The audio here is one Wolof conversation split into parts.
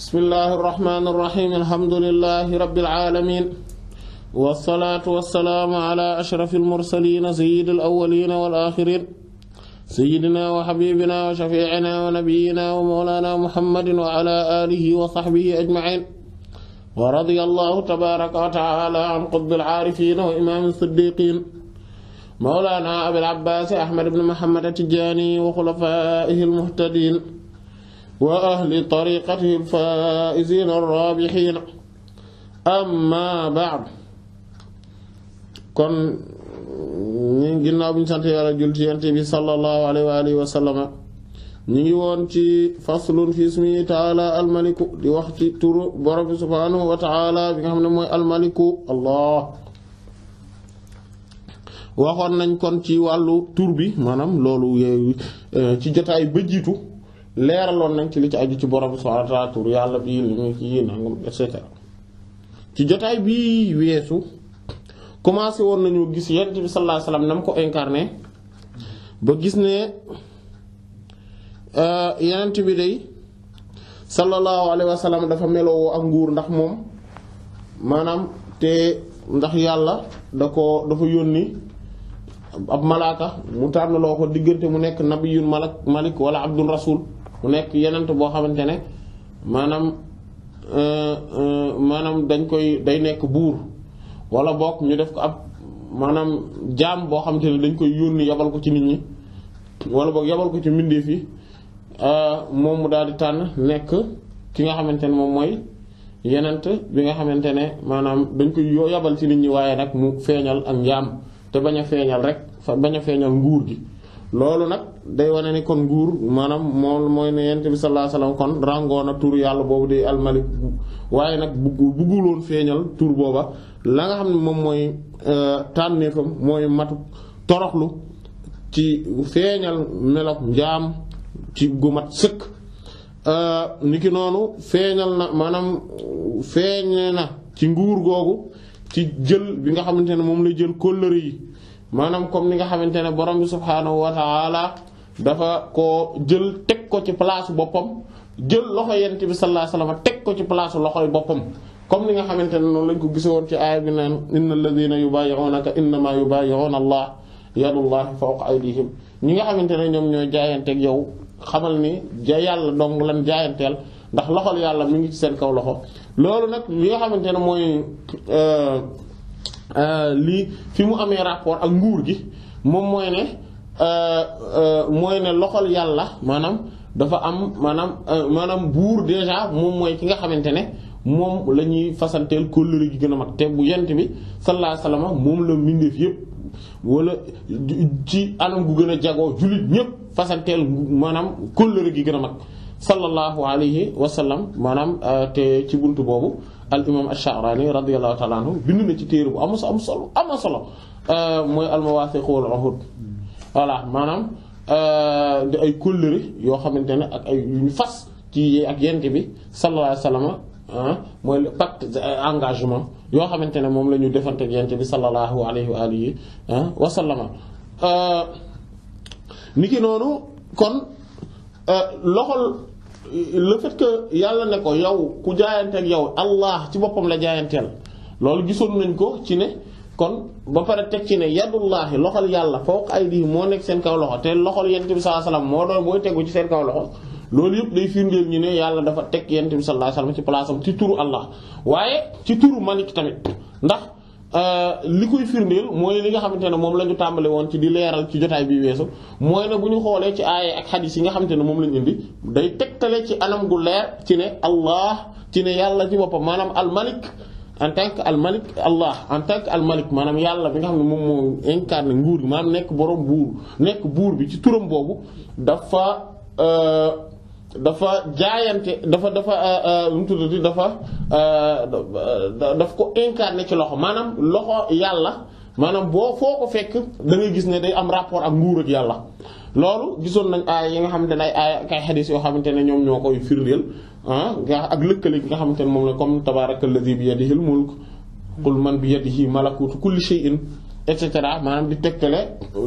بسم الله الرحمن الرحيم الحمد لله رب العالمين والصلاة والسلام على أشرف المرسلين سيد الأولين والآخرين سيدنا وحبيبنا وشفيعنا ونبينا ومولانا محمد وعلى آله وصحبه أجمعين ورضي الله تبارك وتعالى عن قطب العارفين وإمام الصديقين مولانا أبي العباس أحمد بن محمد التجاني وخلفائه المهتدين وأهل طريقتهم الفائزين الرابحين أما بعد كن نجينا بنسان في رجل جنتي صلى الله عليه وآله وسلم نيوان تي فصل في اسمه تعالى الملك دي وقت تورو برب سبحانه وتعالى بكم نموي الملك الله waxon nañ kon ci walu tour bi manam lolu ci jotaay bejitu leeraloon nañ ci li ci aju ci borom subhaanahu wa yàlla bii li muy kii nangam et ci jotaay bii weesu commencé woon nañu gis yonent bi sallallahu alayhi wa sallam ko incarné ba gis ne euh, yonent bi dafa melowoo ak nguur ndax moom maanaam te ndax yàlla da ko dafa yónni ab malaaka mu tànnaloo ko diggante mu nekk nabiyun malak malik wala abdul rasul mu nekk yenent boo xamante ne maanaam euh, euh, maanaam dañ koy day nekk buur wala bokk ñu def ko ab maanaam jaam boo xamante ne dañ koy yónni yabal ko ci nit ñi wala boog yabal ko ci mbindeef yi euh, moom mu daal di tànn nekk ki nga xamante ne moom mooy yenent bi nga xamante ne maanaam dañ koy yoo yabal ci nit ñi waaye nag mu feeñal ak njaam te bañ a feeñal rek bañ a feeñal nguur gi loolu nag day wane ni kon nguur maanaam moom mooy ne yent bi sallallahu kon ràngoo na tur yàlla boobu di almalik waaye nag bugg bugguloon feeñal tur booba la nga xam ne moom mooy euh, tànneefam mooy matu toroxlu ci feeñal melok njaam ci gu mat sëkk euh, niki noonu feeñal na maanaam feeñe na ci nguur googu ci jël bi nga xamante ne moom lay jël kóllëre yi maanaam comme ni nga xamante ne borom bi subhaanahu wa ta'ala dafa ko jël teg ko ci place boppam jël loxo yent bi sallallahu alayhi wasallam teg ko ci place loxoy boppam comme ni nga xamante ne noonu lañ ko gisoon ci aaya bi naan innal ladhina yubayyi'unaka innama yubayyi'una allah yadullahi fawqa aydihim ñi nga xamante ne ñoom ñooy jaayanteeg yow xamal ni ja yàlla dong lan jaayanteel ndax loxol yàlla mi ngi ci seen kaw loxo loolu nag li nga xamante ne mooy euh, Euh, lii fi mu amee rapport ak nguur gi moom mooy ne euh, euh, mooy ne loxol yàlla maanaam dafa am maanaam maanaam buur déjà moom mooy ki nga xamante ne moom la ñuy fasanteel kóllëre gi gën a mag te bu yent bi sallallahu alayhi moom la mbindeef yépp walla ci anam bu gën a jagoo jullit ñépp fasanteel maanaam kóllëre gi gën a mag sallallahu alayhi wasallam maanaam te ci bunt boobu al imam ash-Sha'rani radiyallahu ta'ala anhu bindu ci téere bu am am solo am solo euh moy al-Mawathiq wal Uhud voilà maanaam di ay kóllëre yo xamantene ak ay yu ñu fas ci ak yent bi sallallahu alayhi wasallam mooy le pacte engagement yo xamantene mom lañu defante ak yent bi sallallahu alayhi wa alihi wa sallama euh niki nonu kon euh loxol le fait yàlla ne ko yow ku jaayanteeg yow allah ci boppam la jaayanteel loolu gisoon nañ ko ci ne kon ba pare teg ci ne yadullahi loxol yàlla fawqa aydihim moo nekk seen kaw loxo te loxol yonent bi sallallahu alayhi moo doon mooy tegu ci seen kaw loxo loolu yëpp day firndeel ñu ne yàlla dafa teg yonent bi sallallahu alayhi wasallam ci place am ci turu allah waaye ci turu malik tamit ndax. Euh, li koy firndeel mooy li nga xamante ne moom la ñu tàmbale woon ci di leeral ci jotaay bi weesu mooy ne bu ñu xoolee ci aaya ak xadiis yi nga xamante ne moom la ñu indi day tegtale ci anam gu leer ci ne allah ci ne yàlla ci boppam maanaam almalik en tant que almalik allah en tank que almalik maanaam yàlla bi nga xam ne moom moo incarne nguur gi maanaam nekk boroom buur nekk buur bi ci turam boobu dafa euh, dafa jaayante dafa dafa lu euh, euh, mu tuddati dafa euh, daf ko incarné ci loxo maanaam loxo yàlla maanaam boo foo ko fekk da gis ne day am rapport ak nguur ak yàlla loolu gisoon nañ aay yi nga xamante ne ay aay kay xadis yoo xamante ne ñoom ñoo koy firndeel ah ak lëkkale ki nga xamante ne moom la comme tabaraka allazi bi yadihil mulk qul man bi yadihi malakutu kulli shay'in et cetera maanaam di tegtale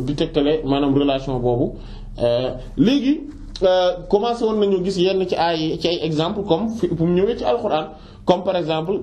di tegtale maanaam relation boobu léegi Euh, commencé woon nañoo gis yenn ci ay ci ay exemple comme fi mu ñëwee ci alxuraan comme par exemple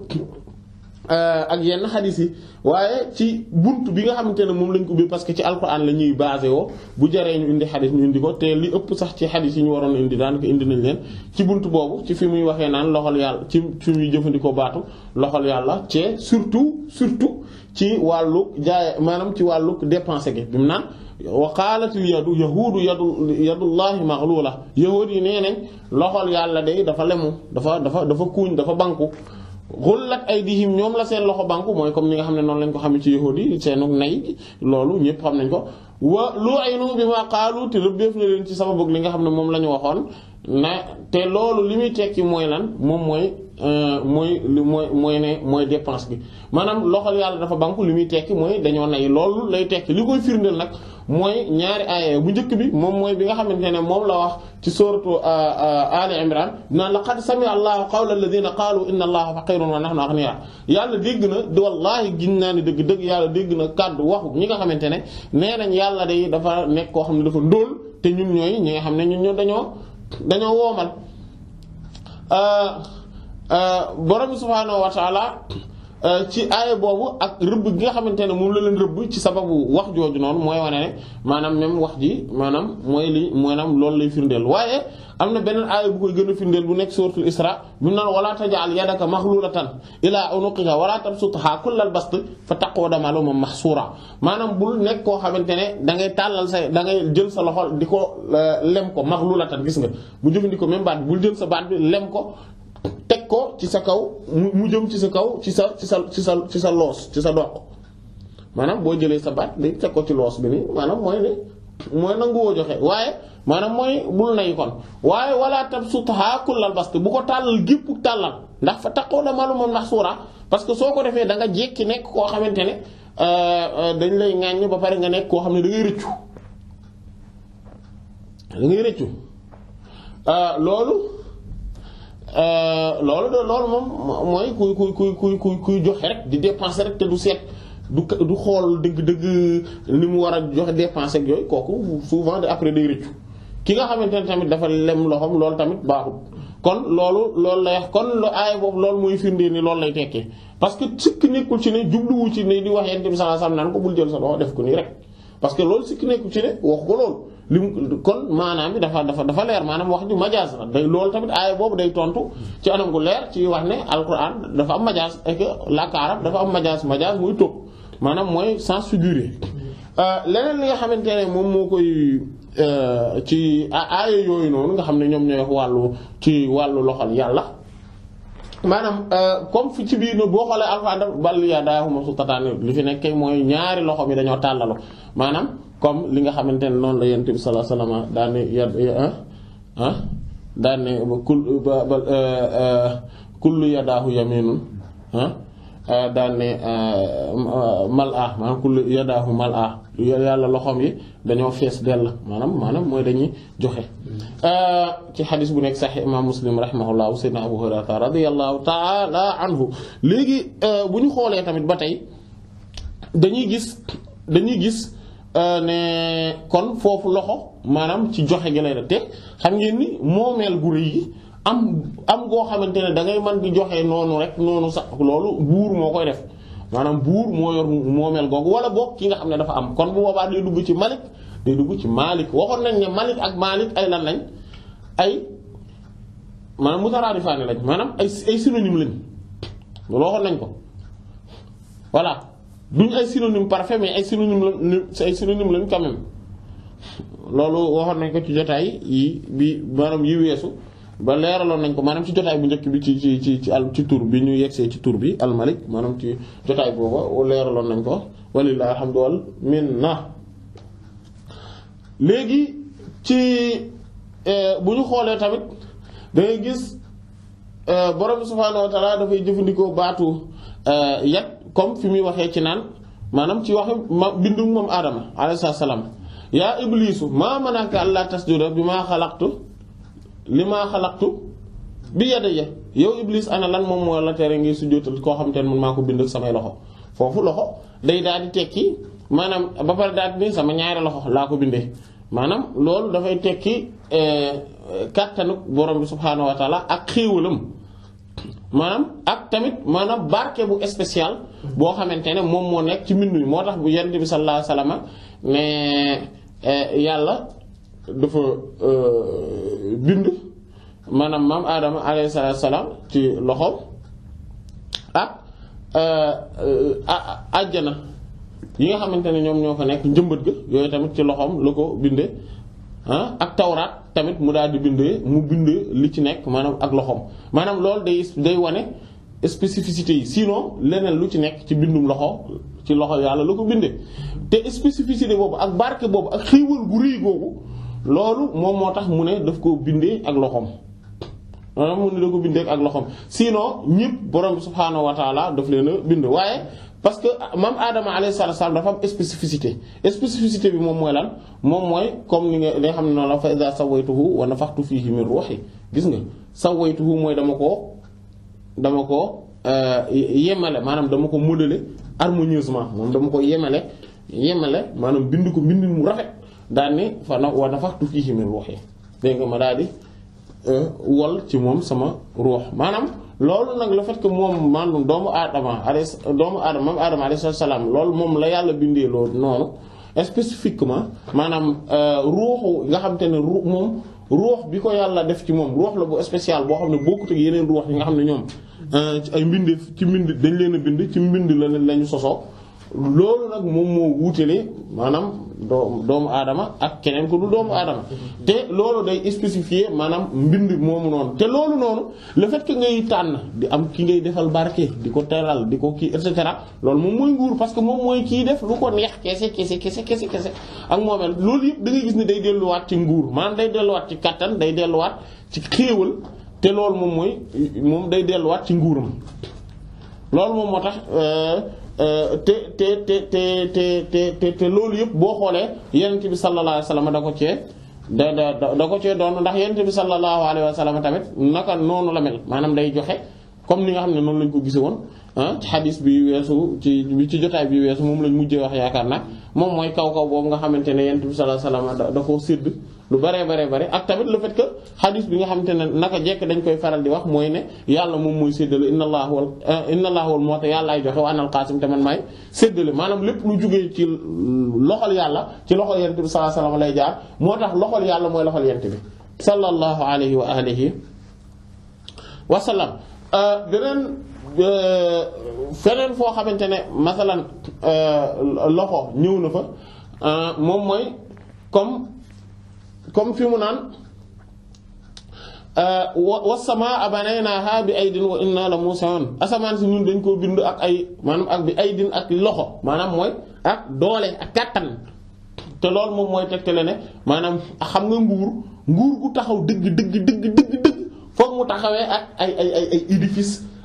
Euh, ak yenn xadis yi waaye ci bunt bi nga xamante ne moom lañ ko ubbi parce que ci alquran la ñuy basé woo bu jaree ñu indi xadis ñu indi ko te li ëpp sax ci xadis yi ñu waroon indi daanaka indi nañ leen ci bunt boobu ci fi muy waxee naan loxol yàlla ci fi muy baatu loxol yàlla ci surtout surtout ci wàllu jaay maanaam ci wàllu dépensé bi mu naan wa qaalatil yadu yahuudu yadu yadullahi maxluula yahuud yi nee nañ loxol yàlla day dafa lemu dafa dafa dafa kuuñ dafa banku ay ghullat aydihim ñoom la seen loxo banku mooy comme ni nga xam ne noonu lañ ko xamee ci yahuud yi seenu nay loolu ñëpp xam nañ ko wa lu aynu bi ma qaalu te rëbbeef na leen ci li nga xam ne moom la ñu waxoon na te loolu li muy tekki mooy lan moom mooy euh, mooy mooy mooy ne mooy dépense bi maanaam loxol yàlla dafa banku li muy tekki mooy dañoo nay loolu lay tekki li koy firndeel nag moy ñaari aaya bu njëkk bi mom moy bi nga xamantene mom la wax ci sooratu Ali Imran naan laqad sami'a allah qawla alladhina qalu inna Allaha faqirun wa nahnu aghnia yàlla dégg na do wallahi ginnani dëgg dëgg yàlla dégg na kàddu wax ñi nga xamantene ne yàlla day dafa nek ko xamne dafa dool te ñun ñoy ñi nga xamne ñun ñoo dañoo dañoo womal woomal borom subhanahu wa ta'ala Euh, ci aaya boobu ak rëbb gi nga xamante ne moom la leen rëbb ci sababu wax jooju noonu mooy wane ne maanaam même wax ji maanaam mooy li maanaam loolu lay firndeel waaye am na beneen aaya bu koy gën a firndeel bu nekk suuratul Isra bi mu naan walaa taj'al yadaka maghlulatan ilaa unuqika walaa tabsuthaa kullal basti fa taquuda maluuman mahsuura maanaam bul nekk koo xamante ne da ngay tàllal sa da jël sa loxo di ko euh, lem ko max maghlulatan gis nga mu bu ko même baat bul jël sa baat bi lem ko ko ci sa kaw mu mu jëm ci sa kaw ci sa ci sa ci sa sa loos ci sa doq maanaam boo jëlee sa baat léegi teg ko ci loos bi ni maanaam mooy ne mooy nanguwoo joxe waaye maanaam mooy bul nay kon waaye wala tabsutha kullal bast bu ko tàllal gépp tàllal ndax fa takkoona malumun mahsura parce que soo ko defee danga nga nekk koo xamante ne euh, euh, dañ lay ŋàññ ba pare nga nekk koo xam ne da ngay rëccu da rëccu euh, loolu Euh, loolu de loolu moom mooy kuy kuy kuy kuy kuy kuy joxe rek di dépenser rek te du seet du du xool dëgg-dëgg li mu war a joxe dépenser ak yooyu kooku souvent de après day rëccu ki nga xamante ne tamit dafa lem loxoom loolu tamit baaxul kon loolu loolu lay wax kon lu loolu mooy firndee ni loolu lay tekkee parce que sikk nekkul ci ne jubluwu ci ne di wax yéen tamit sama naan ko bul jël sa loxo def ko nii rek parce que loolu sikk nekkul ci ne wax ko loolu. li mu kon maanaam bi dafa dafa dafa leer maanaam wax ju majaas la day loolu tamit aaya boobu day tontu ci anam gu leer ci wax ne alquran dafa am majaas et dafa am majaas majaas muy tóog maanaam mooy sens figuré euh, leneen li nga xamante ne moom moo koy euh, ci aaya yooyu noonu nga xam ne ñoom ñooy wax wàllu ci wàllu loxol yàlla maanaam euh, comme fi ci biir na boo xoolee alquran daf bal yaa daahuma sultataani li fi nekkee mooy ñaari loxo mi dañoo tàllalu maanaam comme li nga xamante ne noonu la yonent bi sallallahu alayhi wasallam daan ne yad ah daan ne ba kul ba yadaahu yaminun ah daan ne mal ah maanaam kullu yadaahu mal yàlla loxoom yi dañoo fees dell maanaam maanaam mooy dañuy joxe ci xadis bu nekk sax imam muslim rahimahullahu sayyidina abu hurayrata radiyallahu taala anhu léegi bu ñu xoolee tamit ba tey dañuy gis dañuy gis Euh, ne kon foofu loxo maanaam ci joxe gi lay def te xam ngeen ni moomeel gu rëy gi am am goo xamante ne da ngay mën di joxe noonu rek noonu sax loolu buur moo koy def maanaam buur moo yor moomeel googu wala boog ki nga xam ne dafa am kon bu boobaa day dugg ci malik day dugg ci malik waxoon nañ ne malik ak malik ay lan lañ ay maanaam mutaraadifaani lañ maanaam ay ay synonyme lañ loolu waxoon nañ ko voilà duñ ay synonyme parfait mais ay synonyme la c'est ay synonyme lañ quand loolu waxoon nañ ko ci jotaay yi bi maanaam yi weesu ba leeraloon nañ ko maanaam ci jotaay bu njëkk bi ci ci ci ci al ci tur bi ñu yegsee ci tur bi almalik maanaam ci jotaay booba leeraloon nañ ko walilahi alhamdu wal minna léegi ci eh, bu ñu xoolee tamit dangay gis eh, borom subhaanahu wa dafay jëfandikoo baatu eh, yat comme fi muy waxee ci naan maanaam ci waxe ma bindu moom Adama alayhi salaam yaa iblisu maa manaka allaa tasjuda bi maa xalaqtu li maa xalaatu bi yadayya yow iblis ana lan moom moo la tere ngi sujjóotal koo xam te ne man maa ko bind samay loxo foofu loxo day daal di tekki maanaam ba pare daal di sama ñaari loxo laa ko bindee maanaam loolu dafay tekki eh, kattanu borom bi subhaanahu wa ak xéewalam maanaam ak tamit maanaam barke bu spécial boo xamante ne moom moo nekk ci mbind mi moo tax bu yonent bi sallallahu alayhi wasallam ne eh, yàlla dafa eh, bind maanaam maam Adama alayhi salaam ci loxoom ak eh, àjjana yi nga xamante ne ñoom ñoo fa nekk njëmbat ga yooyu tamit ci loxoom la ko bindee. ak tawraat tamit mu daal di bind mu bind lu ci nekk maanaam ak loxoom maanaam lool day day wane spécificité yi sinon leneen lu ci nekk ci bindum loxo ci loxo yàlla la ko bindee te spécificité boobu ak barke boobu ak xéewal gu rëy googu loolu moom moo tax mu ne daf ko bindee ak loxoom maanaam mu ne da ko bindee ak loxoom sinon ñëpp borom bi subhaanahu daf leen a bind waaye parce que maam Adama alayhi salaam dafa am spécificité spécificité bi moom mooy lan moom mooy comme ni nga li nga xam ne noonu la fa iza sawaytuhu wa nafaxtu fiihi min ruuhi gis nga sawaytuhu mooy dama koo dama ko euh, yemale maanaam dama ko modeler harmonieusement moom dama ko yemale yemale maanaam bind ko bind mu rafet daan ni fa na nga ma daal di euh, wol ci moom sama ruux maanaam. loolu nag la fait que moom maanaam doomu aadama alayhi doomu aadama maam aadama alayhi salaam loolu moom la yàlla bindee loolu noonu spécifiquement maanaam euh, ruuxu nga xam te ne ruux moom ruux bi ko yàlla def ci moom ruux la bu spécial boo xam ne bokkut ak yeneen ruux yi nga xam ne ñoom euh, ay mbind ci mbind dañ leen a bind ci mbind la lañu sosoo loolu nag moom moo wuutale maanaam doo doomu aadama ak keneen ko du doomu aadama te loolu day spécifier maanaam mbind moomu noonu te loolu noonu le fait que ngay tànn di am ki ngay defal barke di ko teral di ko kii et cetera loolu moom mooy nguur parce que moom mooy kii def lu ko neex kese kese kese kese kese ak moomeel loolu yëpp da ngay gis ne day delluwaat ci nguur maanaam day delluwaat ci kattan day delluwaat ci xéewal te loolu moom mooy moom day delluwaat ci nguuram Euh, te te te te te te te loolu yëpp boo xoolee yonent bi sallallahu alayhi wa sallam da ko cee da da da ko cee doon ndax yonent bi sallallahu alayhi wa sallam tamit naka noonu la mel maanaam day joxe comme ni nga xam ne noonu lañ ko gise woon ah, ci xadis bi weesu ci bi ci jotaay bi weesu moom lañ mujjee wax yaakaar na moom mooy kaw kaw boobu nga xamante ne yonent bi sallallahu alayhi wa sallam da koo sédd lu bare bare bare ak tamit le fait que hadith bi nga xamantene naka jek dañ koy faral di wax moy ne yàlla mom moy seddel inna allah wal inna allah wal mota yàlla ay joxe wanal qasim tamen may seddel manam lépp lu joge ci loxol yàlla ci loxol yent bi sallallahu alayhi wa sallam lay jaar motax loxol yàlla moy loxol yent bi sallallahu alayhi wa alihi wa sallam beneen feneen foo xamante ne masalan loxo ñëw fa moom mooy comme comme fi mu naan euh, wassamaa banaynaahaa bi aydin wa naa la muusi'uun asamaan si ñun dañ koo bind ak ay maanaam ak bi aydin ak loxo maanaam mooy ak doole ak kàttan te loolu moom mooy tegtale ne maanaam xam nga nguur nguur gu taxaw dëgg dëgg dëgg dëgg dëgg ak ay ay ay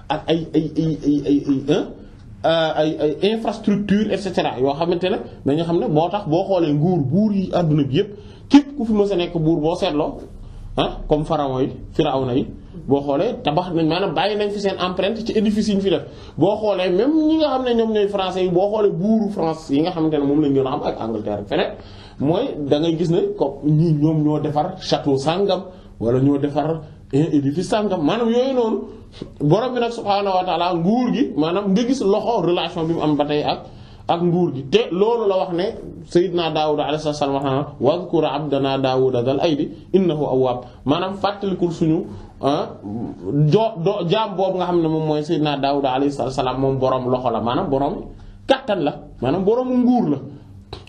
ak ay ay ay ay ay ay euh, ay et cetera yoo xamante ne dañu xam ne moo tax boo xoolee nguur buur yi àdduna bi yépp képp ku fi mës a nekk buur boo seetloo ah comme pharaon yi firawna yi boo xoolee tabax nañ maanaam bàyyi nañ fi seen empreinte ci édifice yi ñu fi def boo xoolee même ñi nga xam ne ñoom ñooy français yi boo xoolee buuru France yi nga xamante ne moom lañ gën a am ak Angleterre ak feneen mooy da ngay gis ne comme ñii ñoom ñoo defar château sàngam wala ñoo defar édifice sàngam maanaam yooyu noonu borom bi nag subhaanahu wa taala nguur gi maanaam nga gis loxo relation bi mu am ba tey ak. ak nguur gi te loolu la wax ne Seydina Daawuda alayhi salaam wax na wazkur abdanaa Daawuda zal fàttalikul suñu ah, jo do nga xam ne moom mooy Seydina Daawuda alayhi salaam moom borom loxo la maanaam borom kàttan la maanaam borom nguur la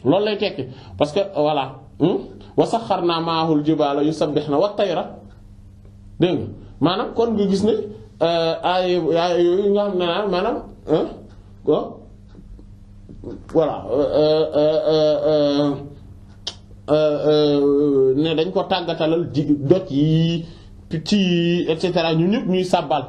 loolu lay tekki parce que voilà hmm? wa saxxarnaa maahul jibaala maanaam kon nga gis ne eh, ay ay nga xam ne maanaam. Eh, voilà euh, euh, euh, ne dañ ko tàggatalal ji doj yi picc yi et cetera ñu ñëpp ñuy sàbbal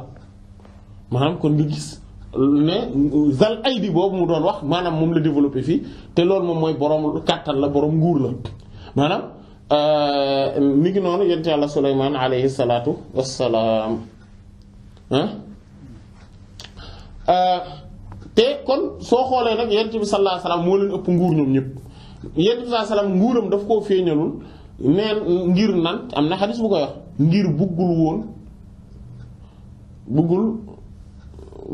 maanaam kon nga gis ne zal aydi boobu mu doon wax maanaam moom la développé fii te loolu moom mooy borom kàttan la borom nguur la maanaam mi ngi noonu yonent Yàlla Suleymaan alayhi salaatu wassalaam té kon soo xoolee nag yonent bi sallallahu alayhi wasallam mo leen ëpp nguur ñoom ñëpp yonent bi nguuram daf koo feeñalul neen ngir nan amna hadith bu ko wax ngir buggul woon buggul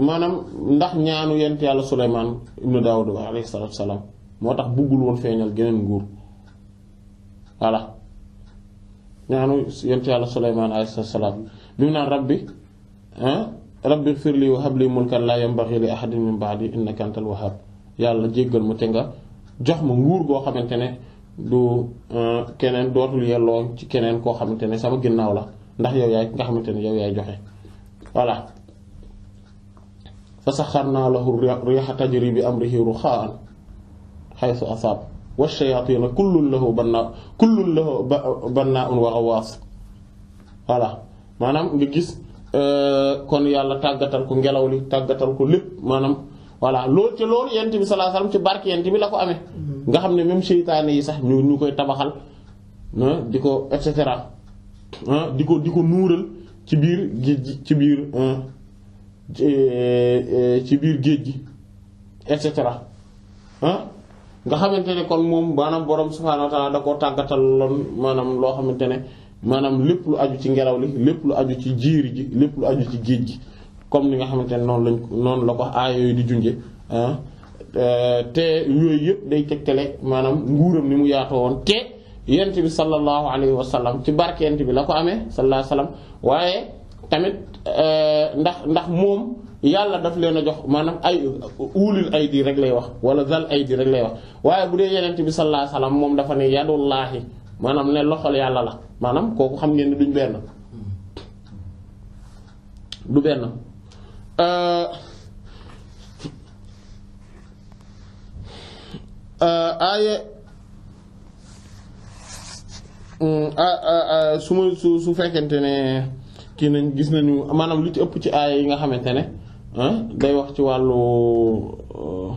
manam ndax ñaanu yonent yalla sulayman ibnu daud alayhi salatu wasallam motax tax buggul woon feeñal geneen nguur wala ñaanu yonent yalla sulayman alayhi salatu wasallam bimna rabbi ah رب اغفر لي وهب لي ملكا لا ينبغي لاحد من بعدي انك انت الوهاب يالا جيغل مو تيغا جخما نغور بو خامتيني دو كينن دوتول يلو سي كينن كو خامتيني سما غيناولا نده ياو ياي كيغا خامتيني ياو ياي جوخي فوالا فسخرنا له الرياح تجري بامره رخاء حيث اصاب والشياطين كل له بناء كل له بناء وغواص فوالا مانام غيس Euh, kon yàlla tàggatal ko ngelaw li tàggatal ko lépp maanaam voilà loolu ci loolu yent bi sallallahu alayhi wasallam ci barke yent bi la ko amee mm-hmm. nga xam ne même seytaane yi sax ñu ñu koy tabaxal ah, di ko et cetera ah, di ko di ko nuural ci biir géej gi ci biir ah, eh, ci biir géej gi et cetera nga xamante ne kon moom maanaam borom subhaanahu wa ta'ala da koo tàggatal loon maanaam loo xamante ne maanaam lépp lu aju ci ngelaw li lépp lu aju ci jiir ji lépp lu aju ci géej gi comme ni nga xamante ne noonu lañ noonu la ko aaya yooyu di junje ah, euh, te yooyu yëpp day tegtale maanaam nguuram ni mu yaatoo woon te yent bi sallallahu alayhi wa sallam ci barke bi la ko amee sallallahu alayhi waaye tamit euh, ndax ndax moom yàlla daf leen a jox maanaam ay uulil aydi rek lay wax wala ay aydi rek lay wax waaye bu dee yenent bi sallallahu moom dafa ne yadullaahi maanaam ne loxol yàlla la maanaam kooku xam ngeen ne duñ benn du benn euh, euh, aaye hmm, su ma su su fekkente ne kii nañ gis nañu maanaam lu ci ëpp ci aaya yi nga xamante ne day wax ci wàllu euh,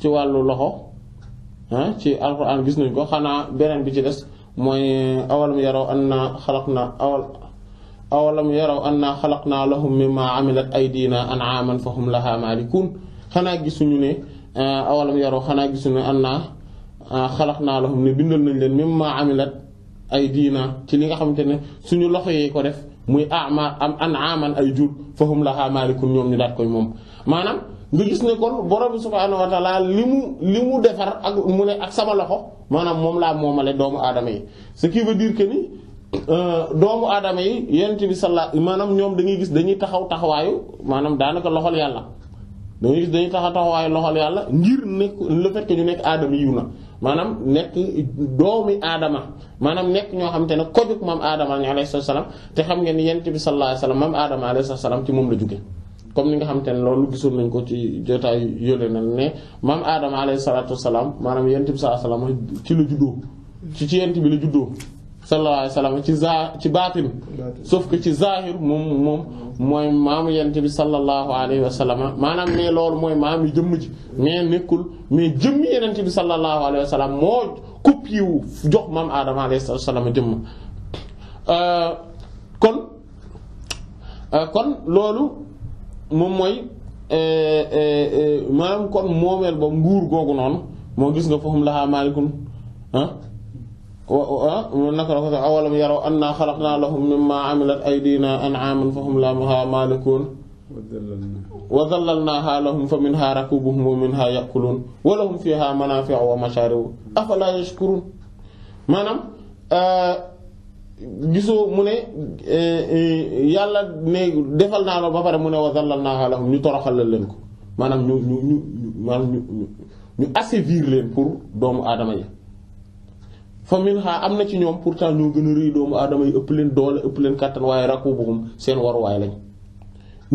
ci wàllu loxo ci alquran gis nañ ko xana benen bi ci dess moy awalam yaraw anna khalaqna awal awalam yaraw anna khalaqna lahum mimma amilat aydina an'aman fahum laha malikun xana gisuñu ne awalam yaraw xana gisuñu anna khalaqna lahum ne bindal nañ len mimma amilat aydina ci li nga xamantene suñu loxo yi ko def muy ama am an'aman ay jur fahum laha malikun ñom ñu daat koy mom manam nga gis ne kon borom bi subhaanahu wa taala li mu li mu defar ak mu ne ak sama loxo maanaam moom laa moomale doomu aadama yi ce qui veut diir que ni euh, doomu aadama yi yonent bi sallallahu maanaam ñoom dañuy gis dañuy taxaw taxawaayu maanaam daanaka loxol yàlla dañuy gis dañuy taxaw taxawaayu loxol yàlla ngir nekk le fait que ñu nekk aadama na maanaam nekk doomi aadama maanaam nekk ñoo xam te ne kojug maam aadama alayhi salaam te xam ngeen ni yonent bi sallallahu alayhi wasallam maam aadama alayhi salaam ci moom la jóge comme ni nga xamante ne loolu gisoon nañ ko ci jotaay yóle na ne maam aadama alayhi salaatu wasalaam maanaam yent bi sallallahu alayhi ci la juddoo ci ci bi la juddoo sallallahu alayhi wasallam ci za ci baatin sauf que ci zahir moom moom mooy maamu yent bi sallallahu alayhi maanaam mais loolu mooy maam yi jëmm ji mais nekkul mais jëmmi yenent bi sallallahu alayhi wasallam moo copié wu jox maam aadama alayhi salaam jëmm euh, kon euh, kon loolu mom moy euh euh kon momel ba nguur gogou non mo gis nga fahum lahaa maalikun ah naka la ko sax awalam yaraw anna khalaqna lahum mimma amilat aydina an'aaman fahum laha malikun wa dhallalna wa zallalnaahaa lahum faminha rakubuhum wa minha yaqulun wa lahum fiha manafi'u wa mashaaribu afalaa yashkuruun maanaam gisoo mu ne eh, eh, yàlla ne defal naa la ba pare mu ne wa zallalnaahaa lahum ñu toroxal la leen ko maanaam ñu ñu ñu maanaam ñu ñu assévir leen pour doomu aadama yi fa min xaa am na ci ñoom pourtant ñoo gën a rëy doomu aadama yi ëpp leen doole ëpp leen kàttan waaye rakuubuhum seen waruwaay lañ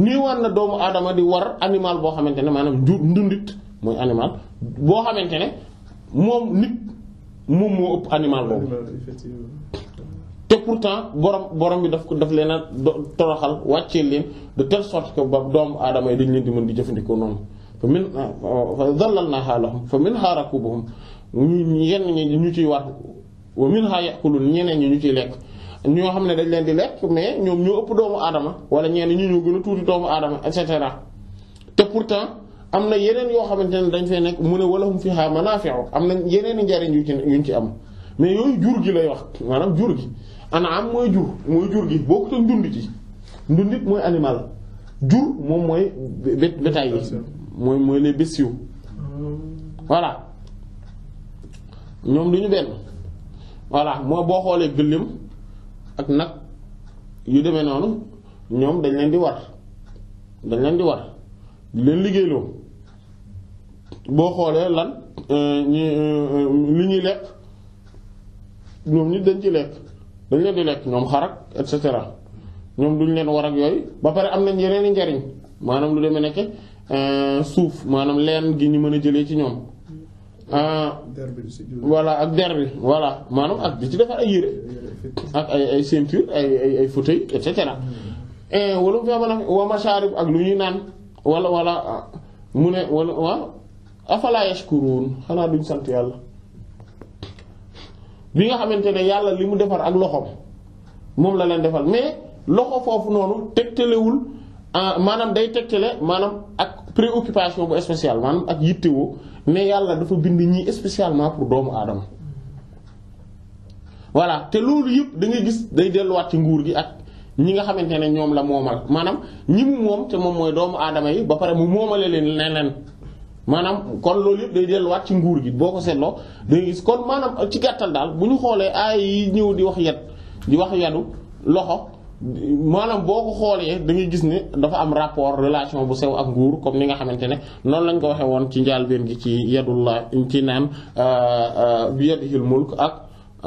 nii war na doomu aadama di war animal boo xamante ne maanaam njur ndundit mooy animal boo xamante ne moom nit moom moo ëpp animal boobu te pourtant borom borom bi daf ko daf leen a toroxal wàccee leen de telle sorte que ba doomu aadama yi dañ leen di mën di jëfandikoo noonu fa min ah, fa zallalnaahaa lahum fa minhaa rakuubuhum ñu yenn ñi ñu ciy war wa minhaa ya'kuluun ñeneen ñi ñu ciy lekk ñoo xam ne dañ leen di lekk mais ñoom ñoo ëpp doomu aadama wala ñeneen ñi ñoo gën a tuuti doomu aadama et cetera te pourtant am na yeneen yoo xamante ne dañ fay nekk mu ne walahum fiihaa manaafi'u am na yeneen njariñ yu ci yuñ ci am mais yooyu jur gi lay wax maanaam jur gi anaam mooy jur mooy jur gi bokkut ak ndund ci ndundit mooy animal jur moom mooy bétail bi mooy mooy les bestiaux hmm. voilà ñoom du ñu benn voilà moo boo xoolee gëléem ak nag yu demee noonu ñoom dañ leen di war dañ leen di war di leen liggéeyloo boo xoolee lan euh, ñu euh, euh, li ñuy lekk ñoom ñu dañ ci lekk dañ leen di lekk ñoom xarak et cetera ñoom duñ leen war ak yooyu ba pare am nañ yeneen i njariñ maanaam lu demee nekk euh, suuf maanaam leen gi ñu mën a jëlee ci ñoom. Ah, euh, voilà ak der bi voilà maanaam ak di ci defar ay yére ak ay ay ay fauteuil et cetera hmm. wala mu fexe na wa masharib ak lu ñuy naan wala wala ah, mu ne wala waa afala yashkurun xanaa duñ sant yàlla. bi nga xamante ne yàlla li mu defar ak loxoom moom la leen defal mais loxo foofu noonu tegtalewul ah, maanaam day tegtale maanaam ak préoccupation bu spéciale maanaam ak yittewoo mais yàlla dafa bind ñii spécialement pour doomu aadama voilà te loolu yëpp da ngay gis day delluwaat ci nguur gi ak ñi nga xamante ne ñoom la moomal maanaam ñi mu moom te moom mooy doomu aadama yi ba pare mu moomale leen leen maanaam kon loolu yëpp day delluwaat ci nguur gi boo ko seetloo day gis kon maanaam ci gàttal daal bu ñu xoolee aay yi ñëw di wax yet di wax yadu loxo maanaam boo ko xoolee da gis ne dafa am rapport relation bu sew ak nguur comme ni nga xamante ne noonu lañ ko waxee woon ci njaalbeen gi ci yadullah ci naan euh, euh, bi yadihil mulk ak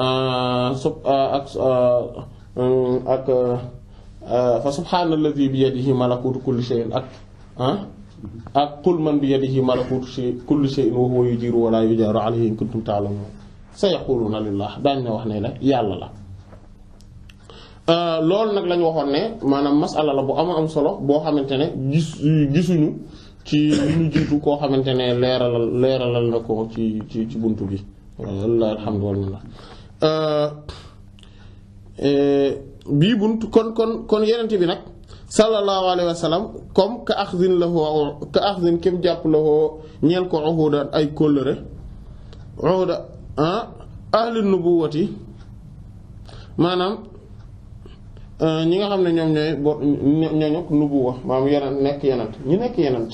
euh, sub ak ak fa subhaanalladhi bi yadihi malakutu kulli ak ak qul man bi ci malakutu kulli shay'in wa huwa yujiru wa la yujaru alayhi in kuntum ta'lamun sa yaquluna lillah daañ ne wax ne la yàlla la euh, loolu nag lañ waxoon ne maanaam masala la bu ama am solo boo xamante ne gis gisuñu ci ñu jiitu koo xamante ne leeralal leeralal na ko ci ci ci buntu bi walla alhamdulillah euh, euh, bii bunt kon kon kon yenente bi nag sallallahu alayhi wa sallam comme ka axzin la hoo ka axzin kim jàpp la hoo ñeel ko uhuda ay kóllëre uhuda ah, ahli nubuwati maanaam eh, ñi nga xam ne ñoom ñooy bo ñooñu nubuwa maanaam yeneen nekk yeneen ñu nekk yeneen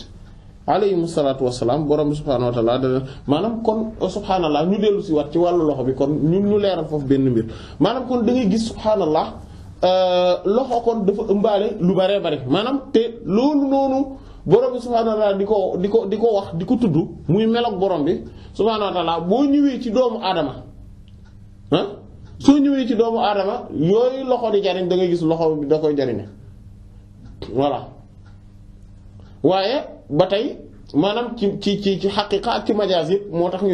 alayhim salaatu wasalaam borom bi subhaanahu wa taala dana maanaam kon subhaanallah ñu dellu si wat ci wàllu loxo bi kon ñu ñu leeral foofu benn mbir maanaam kon da ngay gis subhaanallah Euh, loxo kon dafa ëmbalé lu bare bare manam té loolu nonu borom subhanahu wa ta'ala diko diko diko wax diko tuddu muy melok borom bi subhanahu wa ta'ala bo ñëwé ci doomu adama han ah, so ñëwé ci doomu adama yoy loxo di jarign da nga gis loxo bi da koy jarign voilà waye batay manam ci ci ci haqiqa ak ci majaz yi motax ñu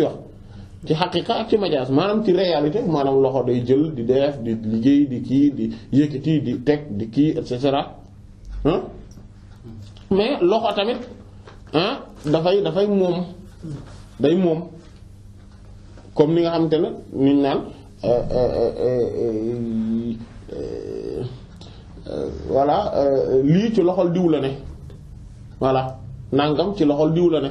ci xaqiqa ak ci majaas maanaam ci réalité maanaam loxo day jël di def di liggéey di kii di yëkkati di teg di kii et cetera mais loxo tamit ah dafay dafay moom day moom comme ni nga xamante ne ni naan euh, euh, euh, voilà lii ci loxol diw la ne voilà nangam ci loxol diw la ne.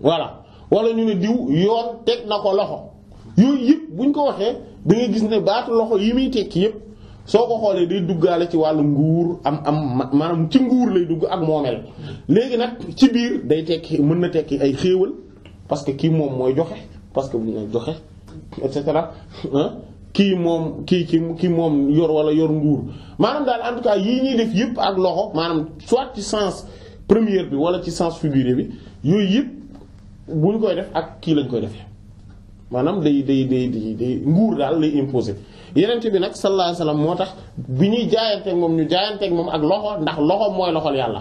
voilà wala ñu ni diw yoon tek na ko loxo yooyu yëpp buñ ko waxee da ngay gis ne baatu loxo yimi muy tekki yëpp soo ko day duggaale ci walu nguur am am manam ci nguur lay dugg ak moomeel légui nak ci bir day tekki mën na tekki ay xéewal parce que ki mom moy joxe parce que buñ lay joxe et cetera hein ki mom ki ki ki mom yor wala yor nguur manam dal en tout cas yi ñi def yëpp ak loxo manam soit ci sens première bi wala ci sens figuré bi yoy yëpp. bu ñu koy def ak kii lañ koy defe maanaam day day day day nguur daal lay imposer yenente bi nag sallallahu alayhi moo tax bi ñuy jaayanteeg moom ñu jaayanteeg moom ak loxo ndax loxo mooy loxol yàlla.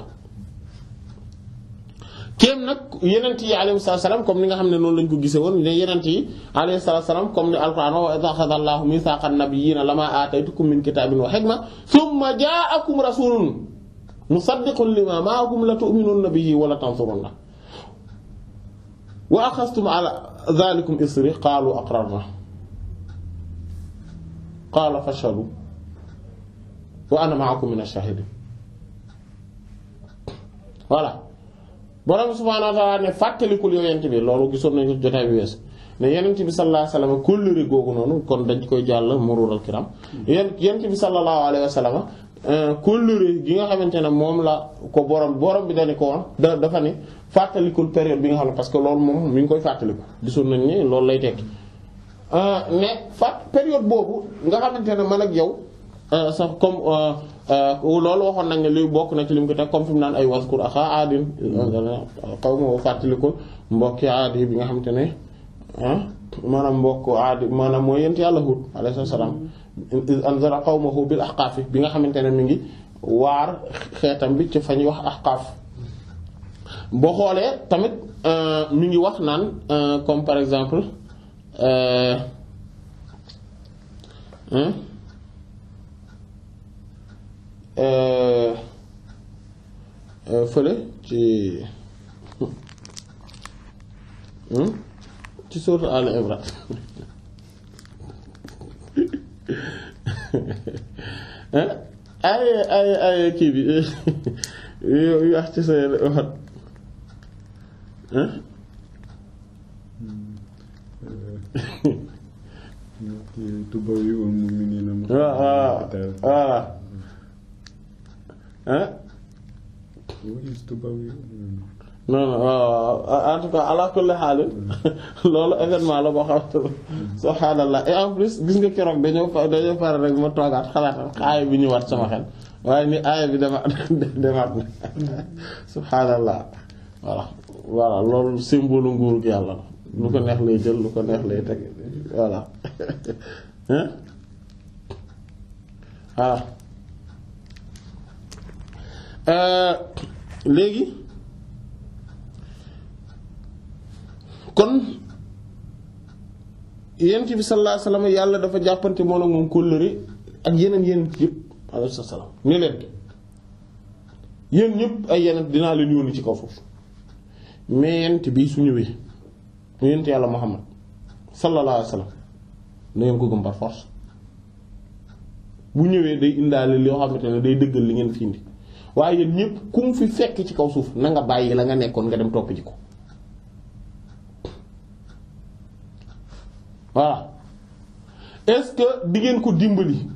kéem nag yenent yi alayhi salaam comme ni nga xam ne noonu lañ ko gisee woon ne yenent yi alayhi salaam comme ni alquran wa idh akhadha allahu mithaqa an-nabiyina lama ataytukum min kitabin wa hikma thumma ja'akum rasulun musaddiqun lima ma'akum la wa la tansurunna wa akhastum ala dhalikum isri qalu aqrarna qala fashalu wa ana ma'akum min ash-shahidin wala borom subhanahu wa taala ne fàttalikul yow yent bi lolou gisone ñu jotaay bi wess ne yonent bi sallallahu alayhi wasallam sallam kóllëre googu kon dañ koy jàll muruural kiram yonent bi sallallahu alayhi wa Euh, kóllëre gi nga xamante ne moom la ko borom borom bi dani ko woon dafa ne fàttalikul période bi nga xam ne parce que loolu moom mi ngi koy fàttaliku gisoon nañ ni loolu lay tekki mais euh, fàtt boobu nga xamante ne man ak yow euh, sax comme loolu waxoon nañ ne li bokk na ci lim ko teg comme fi mu naan ay waskur axa aadin xaw ma fàttalikul mbokki aadi bi nga xamante ne ah, maanaam mbokk aadi maanaam moo yent yàlla Huud alayhi salaam iz anzara qawmahu bil ahqaaf bi nga xamante ne mu ngi waar xeetam bi ci fa ñuy wax ahqaaf boo xoolee tamit euh, mi ngi wax naan euh, comme par exemple euh, fële ci hmm, ci sourate Al Imran ay ay ay ki bi yu wax ci say waxat voilà non en tout cas ala kulli xaal loolu événement la boo xam subhaanallah et en plus gis nga keroog dañoo dañoo pare rek ma toogaat xalaat aaya bi ñëwaat sama xel waaye ni aaya bi dama demaat na subhaanallah voilà voilà loolu symbole nguurug yàlla la lu ko neex lay jël lu ko neex lay teg voilà voilà euh, léegi kon yonent bi sallallahu alayhi yàlla dafa jàppante moom ak moom kóllëre ak yeneen yonent yëpp alayhi salaam ni leen yéen ñëpp ay yonent dinaa leen yónni ci kaw foofu mais yonent bi su ñëwee mu yonent yàlla Muhammad sallallahu alayhi wasallam na ngeen ko gëm par force bu ñëwee day indaale loo xamante ne day dëggal li ngeen fi indi waaye yéen ñëpp ku mu fi fekk ci kaw suuf nanga nga bàyyi la nga nekkoon nga dem topp ji ko voilà est-ce que di ko dimbali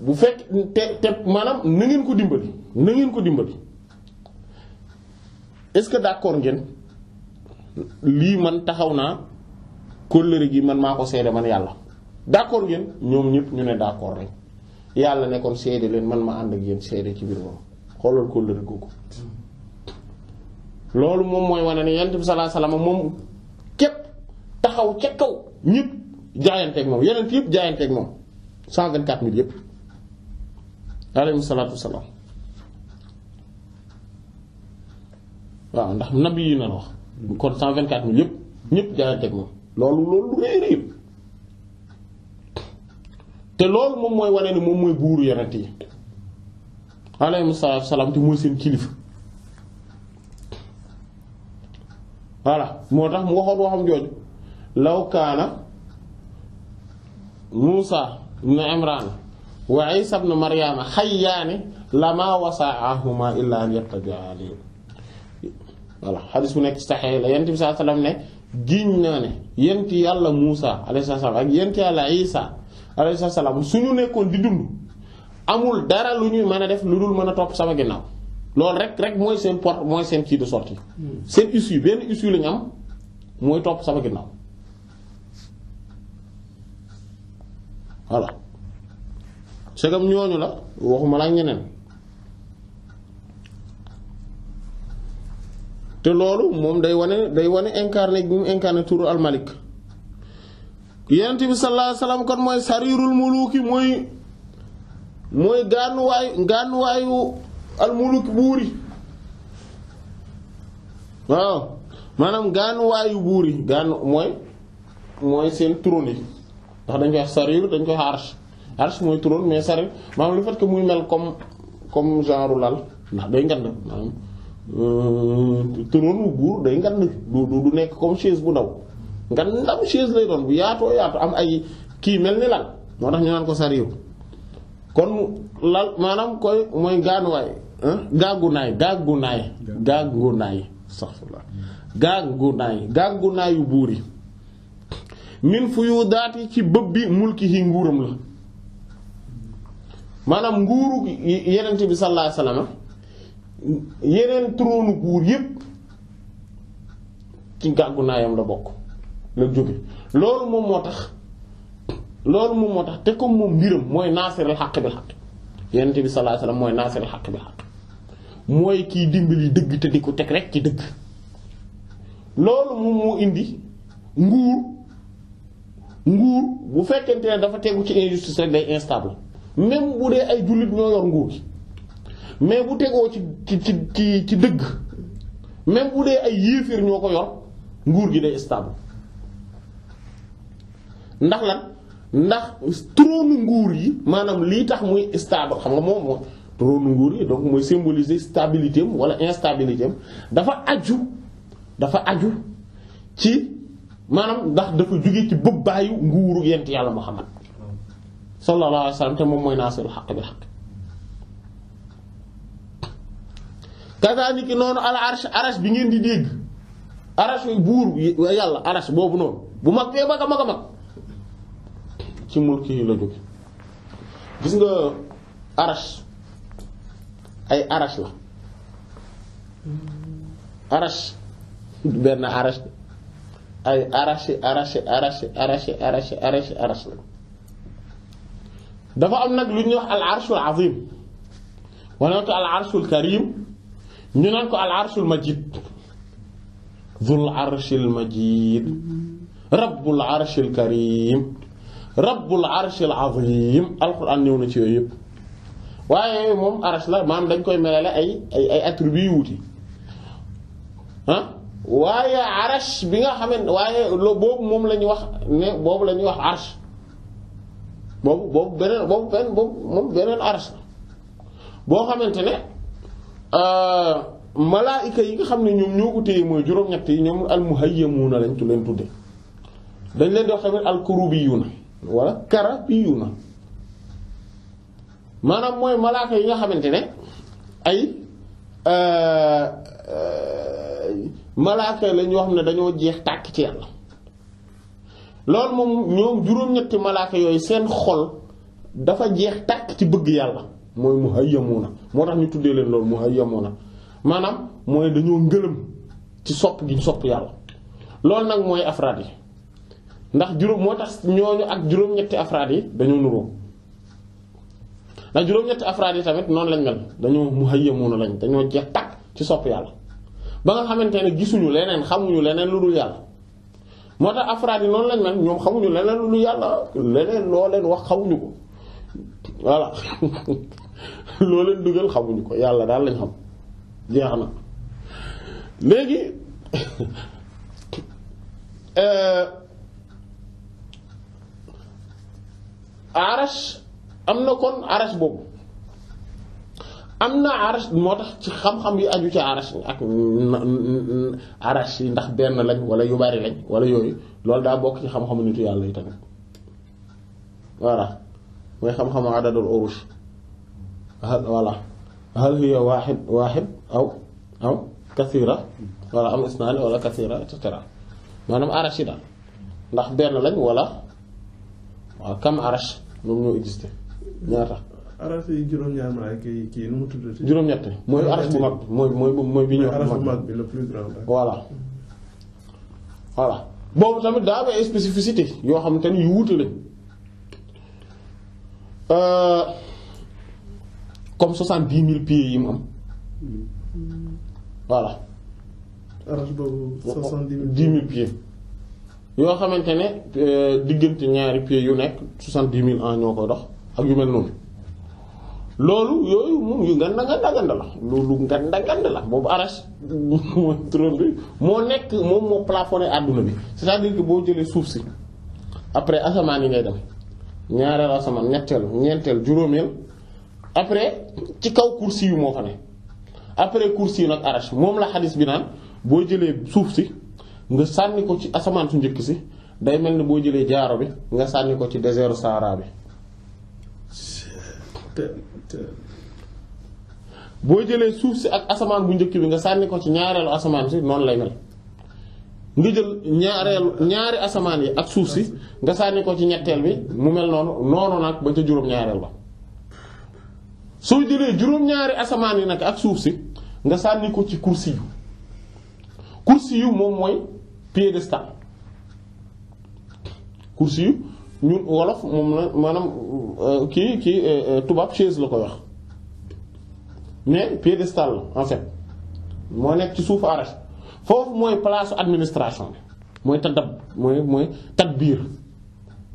bu fekk te te maanaam na ngeen ko dimbali na ngeen ko dimbali est-ce que d'accord ngeen lii man taxaw naa kóllëre gi man maa ko seede man yàlla d'accord ngeen ñoom ñëpp ñu ne d'accord rek yàlla ne kon leen man ma ànd ak yéen seede ci biir moom xoolal kóllëre googu loolu moom mooy wane ne yonent bi sallallahu moom taxaw ca kaw ñëpp jaayanteeg moom yeneen yëpp jaayanteeg moom 124000 yëpp. alayhi salaatu wasalaam waaw ndax nabi yi na wax kon 124000 yëpp ñëpp jaayanteeg moom loolu loolu lu rëy rëy te loolu moom mooy wane ni moom mooy buur yonent yi alayhi salaatu wasalaam te mooy seen kilifa. voilà moo tax mu waxoon waxam jooju law kaana Muusa ibn na wa Iisa ibn Maryaama xayyaani lamaa wasa'ahumaa illaa an yattabi'aani voilà xadis bu nekk ci Sahih la Yonent bi sallallahu alayhi wa ne giñ naa ne Yonent Yàlla Muusa alayhi salaam ak Yonent Yàlla Iisa alayhi salaam suñu nekkoon di dund amul dara lu ñuy mën a def lu dul mën a topp sama ginnaaw loolu rek rek mooy seen port mooy seen kii de sortie hmm. seen issue benn issue la ñu am mooy topp sama ginnaaw voilà segam ñooñu la waxuma laa ñeneen te loolu moom day wane day wane incarné bi mu incarné almalik yonent bi sallallahu alayhi wasallam kon mooy sarirul muluki mooy mooy gànnuwaayu gànnuwaayu almuluk buuri waaw maanaam gànnuwaayu buuri gànn mooy mooy seen trône ndax dañ koy wax sarir dañ koy wax arsh arsh mooy turóon mais sarir maanaam lu fait que muy mel comme comme genre lal ndax day ngand maanaam euh, turóon wu buur day ngand du du nekk comme chaise bu ndaw ngandam chaise lay doon bu yaatoo yaatu am ay kii mel ni lal moo tax ñu naan ko sarir kon lal maanaam koy mooy gaanuwaay gàggu naay gàggu naay gàggu naay saxfula gàggu buur yi min fuyudaati ci bëb bi mulkihi nguuram la maanaam nguuru yenent bi sallallahu alayhi yeneen trône nguur yépp ci gàggu naayam la bokk la jóge loolu moom moo tax loolu moom moo tax te comme moom mbiram mooy naasiril xaq bil xaq yenent bi sallallahu alayhi mooy naasiril xaq bil xaq mooy kii dimbali dëgg te di ko teg rek ci dëgg loolu moom moo indi nguur nguur bu fekkente ne dafa tegu ci injustice rek day instable même bu dee ay jullit ñoo yor nguur gi mais bu tegoo ci ci ci ci dëgg même bu dee ay yéeféer ñoo ko yor nguur gi day stable ndax lan ndax trône nguur yi maanaam lii tax muy stable xam nga moom mooy trône nguur yi donc mooy symboliser stabilité am wala dafa aju dafa aju ci maanaam ndax dafa jóge ci bëb baayu nguuru yent yàlla Muhammad sallallahu alayhi wa sallam te moom mooy naasirul xaq bi xaq kazaalika noonu al arsh arsh bi ngeen di dégg arsh buur yàlla arsh boobu noonu bu mag fee mag a mag a mag ci mulki yi la jóge gis nga arsh ay arsh la arsh benn arsh ay arraché arraché arraché arraché arraché arraché arraché dafa am nak lu ñuy wax al arshul azim wala ko al arshul karim ñu nan ko al arshul majid dhul arshil majid rabbul arshil karim rabbul arshil azim alquran ñëw na ci yeb waye mom arash la maam dañ koy melale ay ay attribut attributs wuti han waaye arash bi nga xamante waaye loo boobu moom la ñuy wax ne boobu la ñuy wax arash boobu boobu beneen boobu beneen boobu moom beneen arash boo xamante ne euh, malaayika yi nga xam ne ñoom ñoo ko mooy juróom-ñett yi ñoom almuhayyamuuna lañ tu leen tudde dañ leen di wax tamit alkurubiyuuna wala karabiyuuna maanaam mooy malaaka yi nga xamante ne ay euh, euh, malaaka la ñoo xam ne dañoo jeex tak ci yalla lool mom ñoom juroom ñet malaaka yoy seen xol dafa jeex tak ci bëgg yalla moy muhayyamuna moo tax ñu tuddee leen loolu muhayyamuna manam moy dañoo ngeelum ci sopp gi sop sopp yàlla loolu nag mooy afraad yi ndax juroom motax ñoñu ak juroom ñet afraad yi dañoo nuru na juroom ñet afraad yi tamit non lañ mel dañoo muhayyamuna lañ dañoo jeex tak ci sopp yalla ba nga xamante ne gisuñu leneen xamuñu leneen lu dul yàlla moo tax afraad yi noonu lañ mel ñoom xamuñu leneen lu dul yàlla leneen loo leen wax xamuñu ko voilà loo leen dugal xamuñu ko yàlla daal lañ xam jeex na léegi euh, arash am na kon arash boobu amna arash motax ci xam-xam yu aju ci arash ak arash yi ndax ben lañ wala yu bari lañ wala yoy lool da bok ci xam xam nitu yàlla itam wala moy xam xam adadul urush wala hal hiya wahid wahid aw aw kaseera wala am isnaani wala kaseera et cetera manam arash da ndax ben lañ wala waaw kam arash mom ñu existé ñaata arache yi juróom-ñaar malaaka kay kii nu mu tuddati. juróom-ñett mooy arache bu mag moy moy moy bi ñu wax. bu mag bi le plus grand. voilà voilà boobu tamit da am ay spécificité yoo xamante ni yu wutul euh comme 70000 pieds yi mu am voilà. arache boobu 70000 pieds. yo xamantene ne euh, diggante ñaari pieds yu nek 70000 dix mille ans ñoo dox ak yu mel noonu. loolu yooyu moom yu nganda nganda la loolu nganda nganda la boobu arash bi moo nekk moom moo plafonné àdduna bi c'est-à-dire que boo jëlee suuf si après asamaan yi ngay dem ñaareel asamaan ñetteel ñeenteel juróomeel après ci kaw kursi yu moo fa ne après kursi yu nag arash moom la xalis bi naan boo jëlee suuf si nga sànni ko ci asamaan su njëkk si day mel ni boo jëlee jaaro bi nga sànni ko ci désert Sahara bi boo jëlee suuf si ak asamaan bu njëkk bi nga sànni ko ci ñaareelu asamaan si noonu lay mel nga jël ñaari asamaan yi ak suuf si nga sànni ko ci ñetteel bi mu mel noonu noonu nag ba ca juróom-ñaareel ba soo jëlee juróom-ñaari asamaan yi nag ak suuf si nga sànni ko ci kursi yu kursi yu moom mooy piédestal kursi yu ñu wolof moom la maanaam euh, kii kii euh, euh, tubaab chaise la koy wax mais piédestal la en fait moo nekk ci suufu arach foofu mooy place administration mooy tadab mooy mooy tadbiir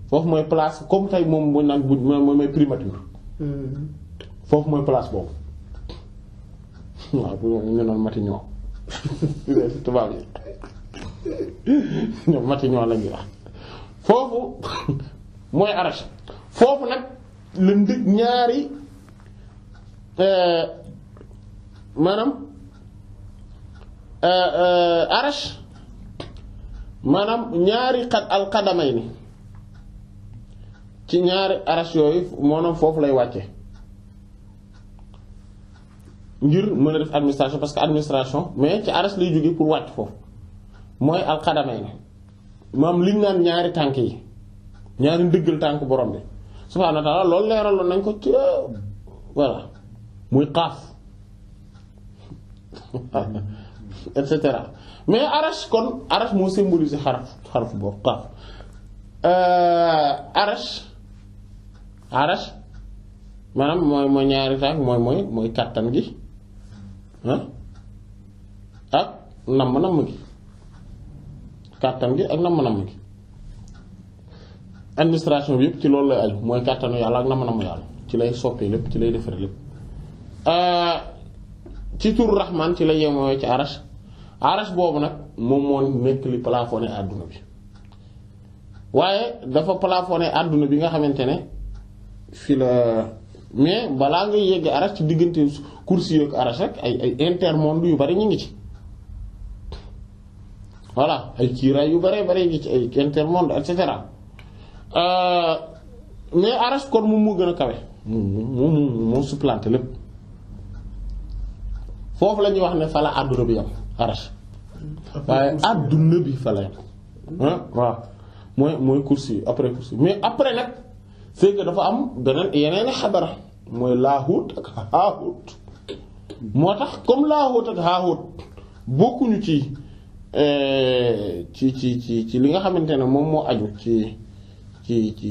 foofu mooy place comme tey moom mooy naan bu mooy primature. Mm-hmm. foofu mooy place boobu. waaw ñu noon mati ñoo tubaab yi ñoom mati ñoo lañuy foofu mooy arash foofu nag la ndëg ñaari euh, maanaam euh, euh, arash maanaam ñaari xad alxadamay ni ci ñaari arash yooyu maanaam foofu lay wàcce ngir mën a def administration parce que administration mais ci arash lay jóge pour wàcc foofu mooy alxadamay ni maam liñ naan ñaari tànk yi ñaari dëggal tank borom bi subhanahu wa ta'ala lol leral nañ nango ci eh, voilà muy qaf et cetera mais arash kon arash moo symbolise harf bo qaf euh arash arash manam moy moy ñaari tank moy moy moy kàttan gi hein ah, ak nam nam gi katan gi ak nam nam gi administration bi yëpp ci loolu lay aju moy katanu yalla ak nama-nama yalla ci lay soppee lepp ci lay lepp euh, ci tour rahman ci lay yemo ci arash arash bobu nak moom mo nek li plafoné aduna bi waye dafa plafoné aduna bi nga xamantene fi la mais bala nga yegg arash ci digënté kursi yi ak arash ak ay ay intermonde yu bari ñi ngi ci voilà ay kiray yu bari bari ngi ci ay intermonde et cetera Euh, mais arsh kon moom moo gën a kawe moom moom moo supplanté lépp foofu la ñuy wax ne fala àdduna bi yam arsh waaye àdduna bi fala yam waaw mooy mooy kursi après kursi mais après nag c'est dafa am beneen yeneen xabara mooy laahuut ak haahuut moo tax comme laahuut ak haahuut bokkuñu ci euh, ci ci ci ci li nga xamante ne moom moo aju ci ci ci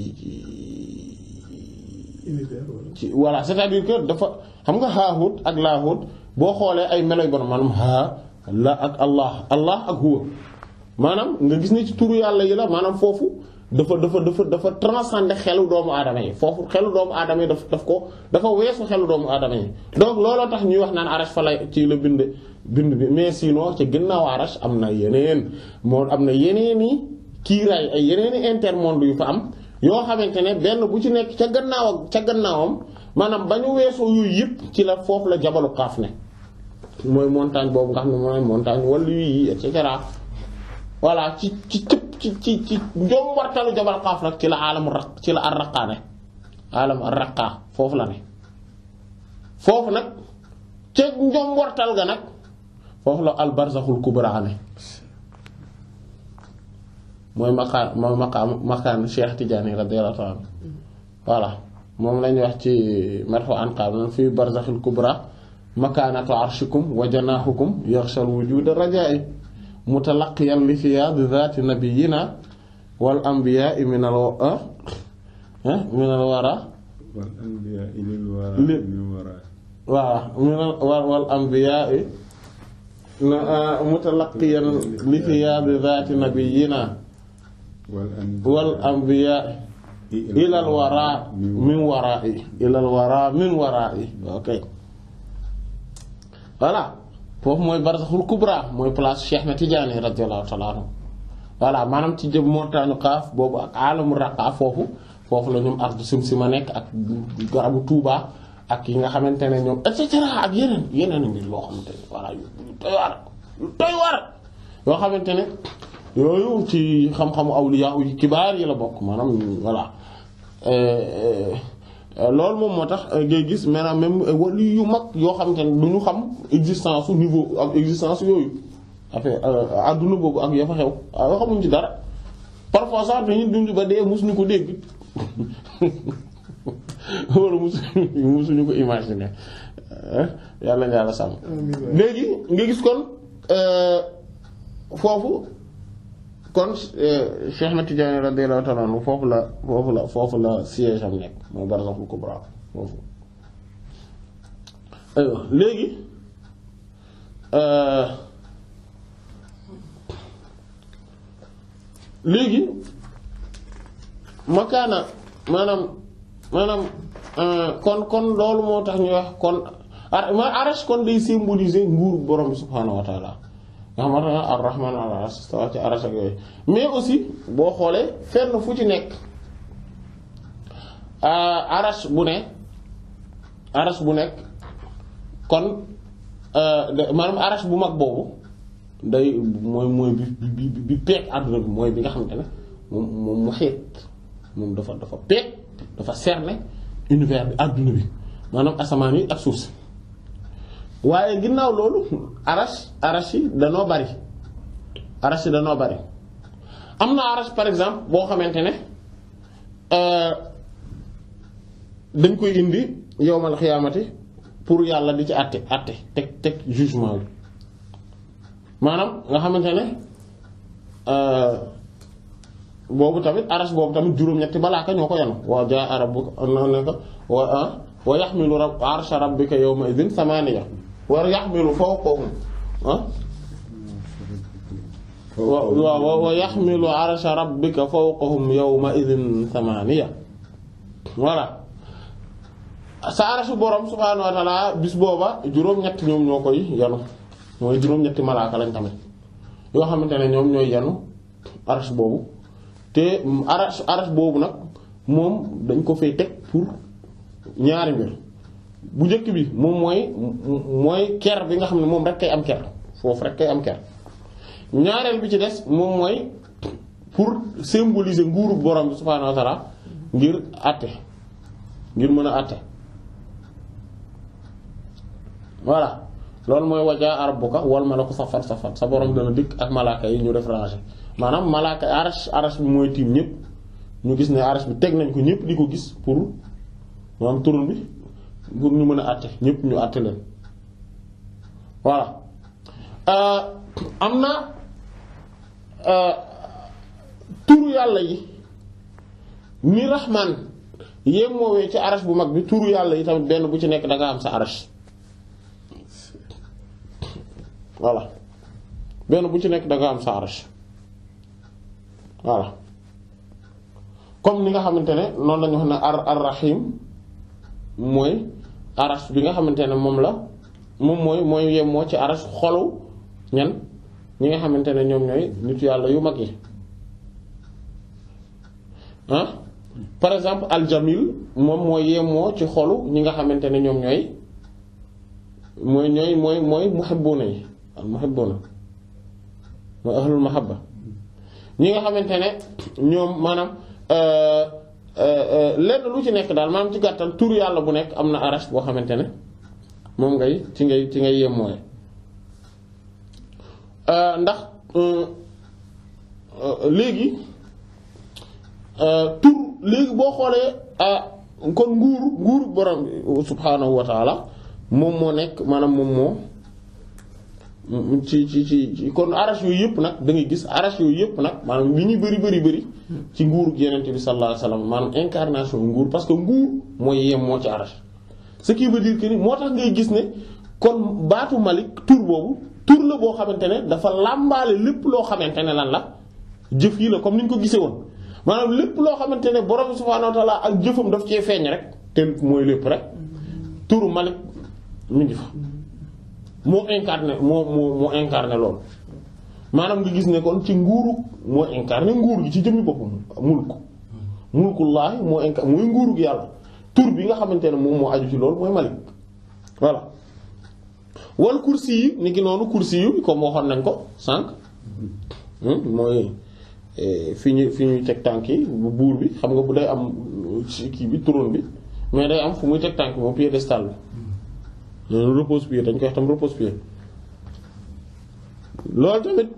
ci voilà c'est-à-dire dafa xam nga xaaxut ak laaxut boo xoolee ay melo yu bon maanaam xaa la ak allah allah ak huwa maanaam nga gis ne ci turu yàlla yi la maanaam foofu dafa dafa dafa dafa transcender xelu doomu aadama yi foofu xelu doomu aadama yi daf daf ko dafa weesu xelu doomu aadama yi donc looloo tax ñuy wax naan arash fa lay ci la bind bind bi mais sinon ci ginnaaw arash am na yeneen moo am na yeneen kiiraay ay yeneeni intermonde yu fa am yoo xamante ne benn bu ci nekk ca gannaaw ca gannaawam maanaam ba ñu weesoo yooyu yëpp ci la foofu la jabalu xaaf ne mooy montagne boobu nga xam ne mooy montagne wala yi et cetera voilà ci ci ci ci ci njom wartalu xaaf nag ci la aalamu ra ci la arraqaa ne aalamu arraqaa foofu la ne foofu nag ca njom ga nag foofu la albarzaxul kubra moy maqaam moy maqaam maqaam Cheikh Tidiane radiyallahu anhu wala mom lañ wax ci marfu anqab fi barzakhil kubra makaanatu arshikum wa janaahukum yaxshal wujuda rajai mutalaqiyan li fiyaadi zati nabiyina wal anbiyaai min al wara min al wara wal waaw min al wal anbiyaai mutalaqiyan li fiyaadi zaati nabiyina wal anbiyaa ilal waraa min waraa i ilal waraa min waraa i ok voilà foofu mooy barzaxul kubra mooy place Cheikh na Tijaani radiyallahu taala anhu voilà maanaam ci jëm montagne Kaaf boobu ak alamu raqa foofu foofu la ñoom ardu simsima nekk ak garabu Touba ak yi nga xamante ne ñoom et ak yeneen yeneen mbir loo xamante ne yu doy war yu doy war yoo xamante ne yooyu ci xam-xamu awliya yi kibaar yi la bokk maanaam voilà euh, euh, euh, loolu moom moo tax ngay gis maanaam même wali yu mag yoo xamante ne du ñu xam existence su niveau ak existence yooyu affaire adduna boobu ak ya fa xew yoo ah, xamuñ ci dara parfois sax dañuy dund ba dee mosuñu ko dégg wala mosuñu mosuñu ko imaginer yàlla na yàlla sàmm léegi nga gis kon foofu kon euh, Cheikh Ahmed Tidiane radiyallahu ta'ala anhu foofu la foofu la foofu la siège am nekk mooy barzaxul kubra foofu léegi euh, léegi makaana maanaam maanaam euh, kon kon loolu moo tax ñu wax kon ar ma kon day symboliser nguur borom bi subhaanahu wa nga xamante ne ala ci arsh ak mais aussi bo xolé fenn fu ci euh arsh bu ne arsh bu nek kon euh, manam aras bu mag bobu day moy moy bi bi bi peeg àdduna bi bi nga xamante ne mom mu xet mom dafa dafa pek dafa cerner univers bi àdduna bi manam asamaan yi ak source waaye ginnaaw loolu arash arash yi danoo bari arash yi bari am na arash par exemple boo xamante ne euh, dañ koy indi yowmal xiyaamati pour yàlla di ci àtte àtte teg teg jugement bi maanaam nga xamante ne euh, boobu tamit arash boobu tamit juróom-ñetti balaaka ñoo ko yanu waa jaa arabuka na ne ko wa wa yaxmilu arsha rabbika yawma idin samaniya war yaxmilu fawqahum ah waaw wa yaxmilu arsha rabbika fawqahum yawma idhin thamaniya voilà sa arasu borom subhaanahu wa ta'ala bis booba juróom-ñetti ñoom ñoo koy yanu mooy juróom-ñetti malaaka lañ tamit yoo xamante ne ñoom ñooy yanu aras boobu te aras aras boobu nag moom dañ ko fay teg pour ñaari mbir bu njëkk bi mom moy moy ker bi nga xamne mom rek kay am ker fofu rek kay am ker ñaareel bi ci dess mom moy pour symboliser nguru borom subhanahu wa taala ngir àtte ngir mëna a voilà lool moy wajaa arbuka wal malaku safar safar sa borom dana dik ak malaaka yi ñu def ranger manam malaaka arash arash bi moy tim ñëpp ñu gis ne arash bi tek nañ ko ñëpp di gis pour maanaam turun bi pour ñu mën a àtte ñëpp ñu àtte leen voilà euh, am na euh, turu yàlla yi ni raxmaan yéem moowee ci arash bu mag bi turu yàlla yi tamit benn bu ci nekk da am sa arash voilà benn bu ci nekk da nga am sa arash voilà comme ni nga xamante ne noonu la ñu wax ne ar ar rahim mooy arash bi nga xamante ne moom la moom mooy mooy yem moo ci arash xolu ñan ñi nga xamante ne ñoom ñooy nitu yàlla yu mag yi ah par exemple aljamil moom mooy yemoo ci xolu ñi nga xamante ne ñoom ñooy mooy ñooy mooy mooy muhibbuna yi al muhibbuna mooy ahlul mahabba ñi nga xamante ne ñoom maanaam euh, lenn lu ci nekk daal maanaam ci gàttal tur yàlla bu nekk am na arash boo xamante ne moom ngay ci ngay ci ngay yemmooy euh, ndax euh, euh, léegi tur léegi boo xoolee kon nguuru nguuru borom subhaanahu wa moom moo nekk maanaam moom moo ci ci ci kon arash yooyu yëpp nag da ngay gis arash yooyu yëpp nag maanaam li ñuy bëri bëri bëri ci nguuru yenente bi sallallahu alayhi wasallam maanaam incarnation nguur parce que nguur mooy yem moo ci arash ce qui veut dire que ni moo tax ngay gis ne kon baatu Malik tur boobu tur la boo xamante ne dafa làmbaale lépp loo xamante ne lan la jëf yi la comme ni ñu ko gisee woon maanaam lépp loo xamante ne borom subhaanahu wa ta'ala ak jëfam daf cee feeñ rek te mooy lépp rek turu Malik mu moo incarné moo moo moo lool maanaam nga gis ne kon ci nguuru moo incarné nguur gi ci jëmmi boppam mulk mulkullaahi moo incarné mooy nguuru gi yàlla tur bi nga xamante ne moom moo aju ci loolu mooy malik voilà wal kursi yi ni ki noonu kursi yu comme waxoon nañ ko sànq hmm, mooy e, fi ñu fi ñuy teg tànki yi bu buur bi xam nga bu day am kii bi trône bi mais day am fu muy teg tànk moom piédestal bi loolu repose-pied dañ koy wax tam repose-pied loolu tamit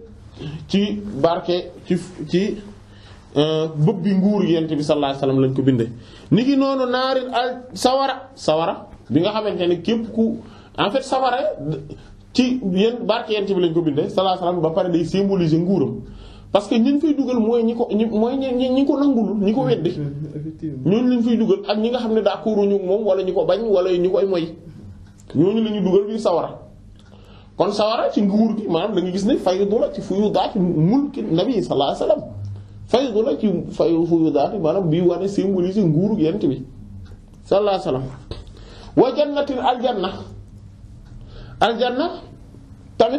ci barke ci ci euh, bëb bi nguur yent bi sallallahu alayhi lañ ko bindee ni ki noonu naari al sawara sawara bi nga xamante ne képp ku en fait sawara ci yéen barke yent bi lañ ko bindee sallallahu alayhi wasallam ba pare day symboliser nguuram parce que ñi ñu fay dugal mooy ñi ko ñi mooy ñi ñi ko nangul ñi ko weddi ñun lañ fay dugal ak ñi nga xam ne ñu moom wala ñu ko bañ wala ñu koy moy ñooñu la ñuy dugal biir sawara kon sawara ci nguur gi maanaam da gis ne faydu la ci fuyu daati mulki nabi sallallahu alayhi wasallam faydu la ci fayu fuyu daati maanaam bii wane symboliser nguur gi yent bi sallallahu alayhi wasallam wa jannatin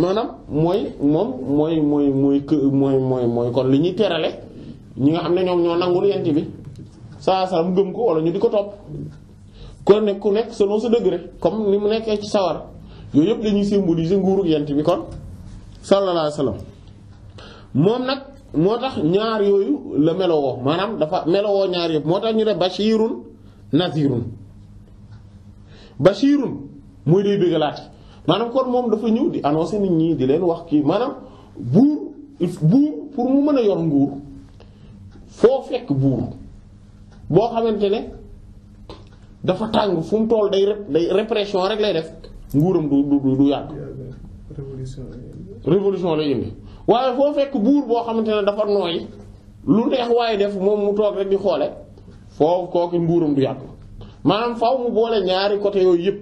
maanaam mooy moom mooy mooy mooy mooy mooy mooy kon li ñuy terale ñi nga xam ne ñoom ñoo nangul yent bi sallallahu gëm ko wala ñu di ko topp kon ne ku nekk selon sa degré comme ni mu nekkee ci sawar yooyu yëpp dañuy symboliser nguurug yent bi kon sallallahu alayhi wa sallam moom nag moo tax ñaar yooyu la melowoo maanaam dafa melowoo ñaar yëpp moo tax ñu ne bashirun nazirun bashirun mooy day bégalaat maanaam kon moom dafa ñëw di annoncer nit ñi di leen wax kii maanaam buur buur pour mu mën a yor nguur foo fekk buur boo xamante ne dafa tàng fu mu toll day day répression rek lay def nguuram du du du yàgg. révolution lay indi waaye foo fekk buur boo xamante ne dafa nooy lu neex waaye def moom mu toog rek di xoole foo kooki nguuram du yàgg maanaam faw mu boole ñaari côté yooyu yëpp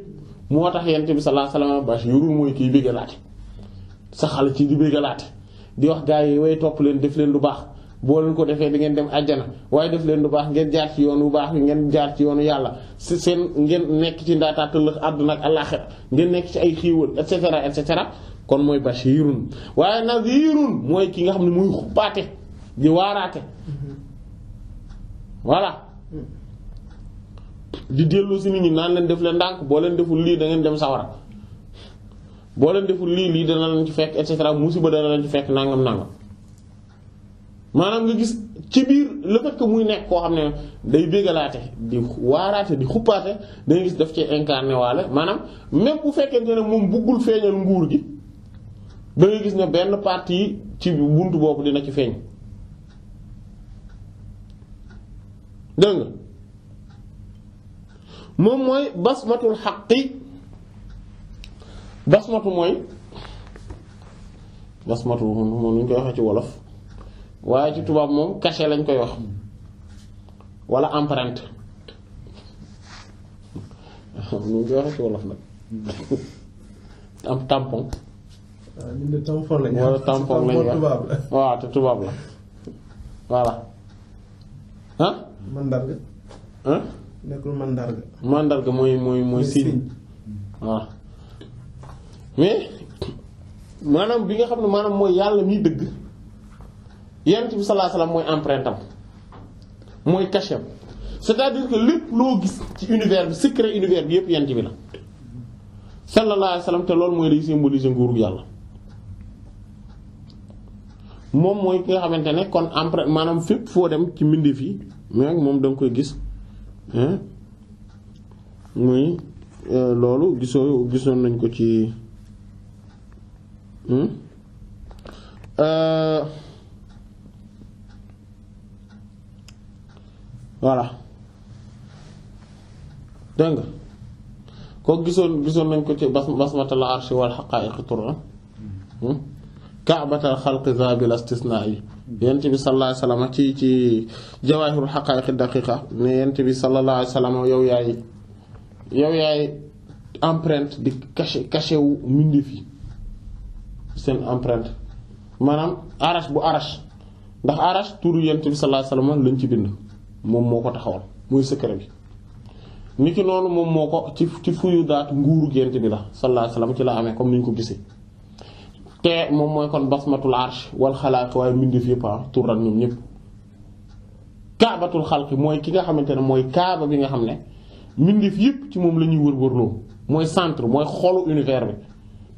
moo tax yent bi sallallahu alayhi wasallam bashirul mooy kiy sa saxal ci di bëggalaate di wax gaa yi way topp leen def leen lu baax boo leen ko defee di ngeen dem àjjana waaye def leen lu baax ngeen jaar ci yoon bu baax bi ngeen jaar ci yoonu yàlla si seen ngeen nekk ci ndaataatallëx àdduna ak àllaaxira ngeen nekk ci ay xiiwal et setera et cetera kon mooy bashirun waaye nag nazirun mooy ki nga xam ne muy xuppaate di waaraate voilà di dellu si nit ñi naan leen def leen ndànk boo leen deful lii da ngeen dem sawara boo leen deful lii lii dana leen ci fekk et cetera musiba dana leen fekk nangam nangam maanaam nga gis ci biir le fait muy nekk koo xam ne day bégalaate di waaraate di xuppaate da gis daf cee incarné waale maanaam même bu fekkente ne moom buggul feeñal nguur gi da nga benn parti ci buntu boobu dina ci feeñ dégg mooy basmatul xaqi basmatu mooy basmatu moom nu ñu koy waxee ci wolof waaye ci tubaab moom cachet lañ koy wax walla empreinte nu ñu koy waxee ci wolof nag am lañ ah, walla tampon lañ wax waaw te tubaab la voilà ah. mandarga. ah. nekkul mandarga. mooy mooy mooy signe waaw mais maanaam bi nga xam ne maanaam mooy yàlla miy dëgg. yonent bi sallallahu mooy empreinte am mooy cachet c'est-à-dire lépp loo gis ci univers bi secret univers bi yépp yonent bi la sallallahu alayhi wasallam te loolu mooy day symboliser nguuru yàlla moom mooy ki nga xamante ne kon empreinte maanaam fépp foo dem ci mbindeef yi mais moom danga koy gis muy euh, loolu gisoo gisoon nañ ko ci. Hmm? Euh, voilà dégg nga kooku gisoon gisoon nañ ko ci bas basmatal arshi wal xaqaa'iqi turra kaabatal xalqi zaabil istisnaa yi yent bi sallallahu alayhi wasallam ci ci jawaahirul xaqaa'iqi daqiqa ne yent bi sallallahu alayhi wasallam yow yaay yow yaay empreinte di cachet cachet wu mbindeef yi seen empreinte maanaam arash bu arash ndax arash turu yent bi sallallahu alayhi wasallam lañ ci bind mom moko taxawal moy secret bi niki nonu mom moko ci ci fuyu daat nguru genti bi la sallallahu alayhi wasallam ci la amé comme niñ ko gissé te mom moy kon basmatul arsh wal khalaq way mindi fi pa turan ñom ñep kaabatul xalqi moy ki nga xamantene moy kaaba bi nga xamné mindi fi yep ci mom lañuy wer wërlo moy centre moy xolu univers bi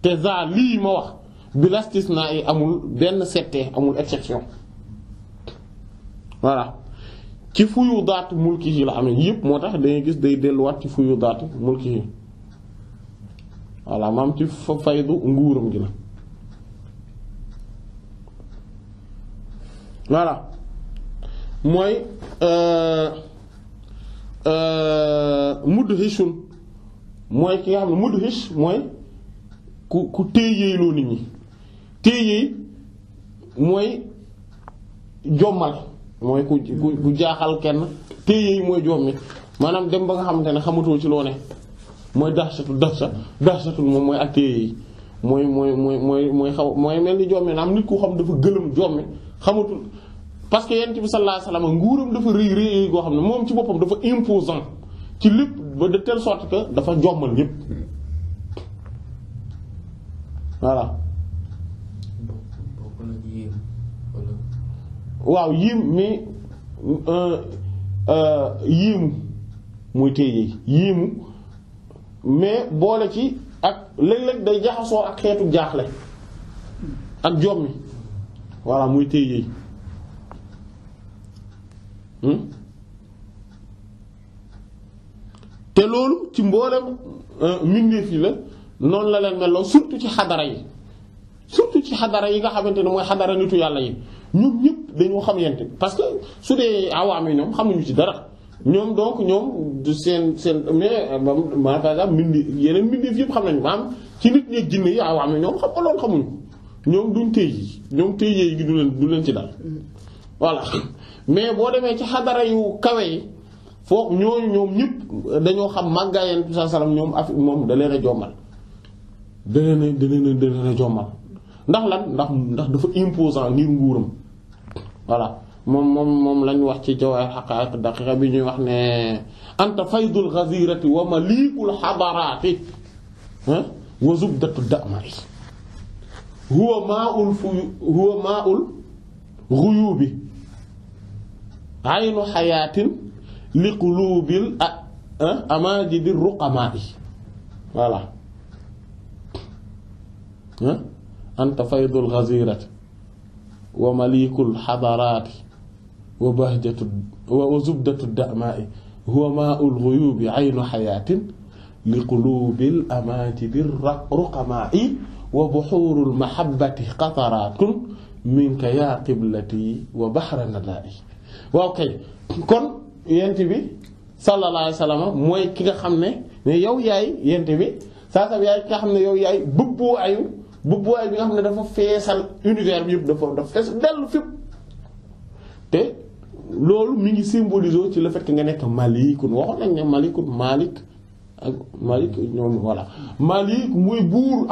te za li mo wax bi lastisna naa amul ben sété amul exception voilà ci fuyu daatu mulki yi la amee yëpp moo tax dangay gis day delluwaat ci fuyu daatu mulki yi voilà maam ci fa faydu nguuram euh, euh, mooy ki nga xam ne mudhish mooy ku ku téyeey loo nit ñi téyeey mooy jommal mooy ku ku jaaxal kenn téye yi mooy joom mi maanaam dem ba nga xamante ne xamatoo ci loo ne mooy daxsatul daxsa daxsatul moom mooy ak téye yi mooy mooy mooy mooy mooy xaw mooy mel ni joom mi naam nit ku xam dafa gëlëm joom mi xamatul parce que yonent bi sallallahu alayhi wasallam nguuram dafa rëy rëy goo xam ne moom ci boppam dafa imposant ci lépp ba de telle sorte que dafa jommal ñépp voilà waaw yiim mi euh, euh, yiimu muy téye yiimu mais boole ci ak léeg-léeg day jaxasoo ak xeetu jaaxle ak jommi voilà muy téye hmm? te loolu ci mboolem euh, mbindeef yi la noonu la leen meloo surtout ci xadara yi surtout ci xadara yi nga xamante ne mooy xadara nitu yàlla yi dañoo xam yent bi parce que su dee awaam yi ñoom xamuñu ci dara ñoom donc ñoom du seen seen mais euh, ma par exemple mbindi yeneen mbindeef yëpp xam nañu maam ci nit ñi jinne yi awaam yi ñoom xam nga loolu xamuñu ñoom duñ tëy yi ñoom tëy yi du leen du leen ci dal voilà mais boo demee ci xadara yu kawe yi foofu ñooñu ñoom ñëpp dañoo xam màggaayeen bi saa ñoom af moom da leen a jommal da leen a da a da a jommal ndax lan ndax ndax dafa imposant ngir nguuram voilà mom mom mom lañ wax ci jawaay xaqaaiq daqiqa bi ñuy wax ne anta faydul ghazirati wa malikul hadarati wa zubdatu da'mari huwa ma'ul huwa ma'ul ghuyubi aynu hayatin li qulubil amajidi ruqama'i voilà anta faydul ghazirati ومليك الحضارات وبهجة وزبدة الدماء هو ماء الغيوب عين حياة لقلوب الأماجد الرقماء وبحور المحبة قطرات منك يا قبلتي وبحر ندائي وأوكي كون ينتي بي صلى الله عليه وسلم موي كيغا خامني ني yow ياي ينتي بي ساسا ياي كيغا خامني nga ياي ne ايو bu boy bi nga un dafa univers bi dafa dafa fess delu fi te mi ngi symboliser ci le fait que nga nek malikun nañ malik ak malik voilà malik muy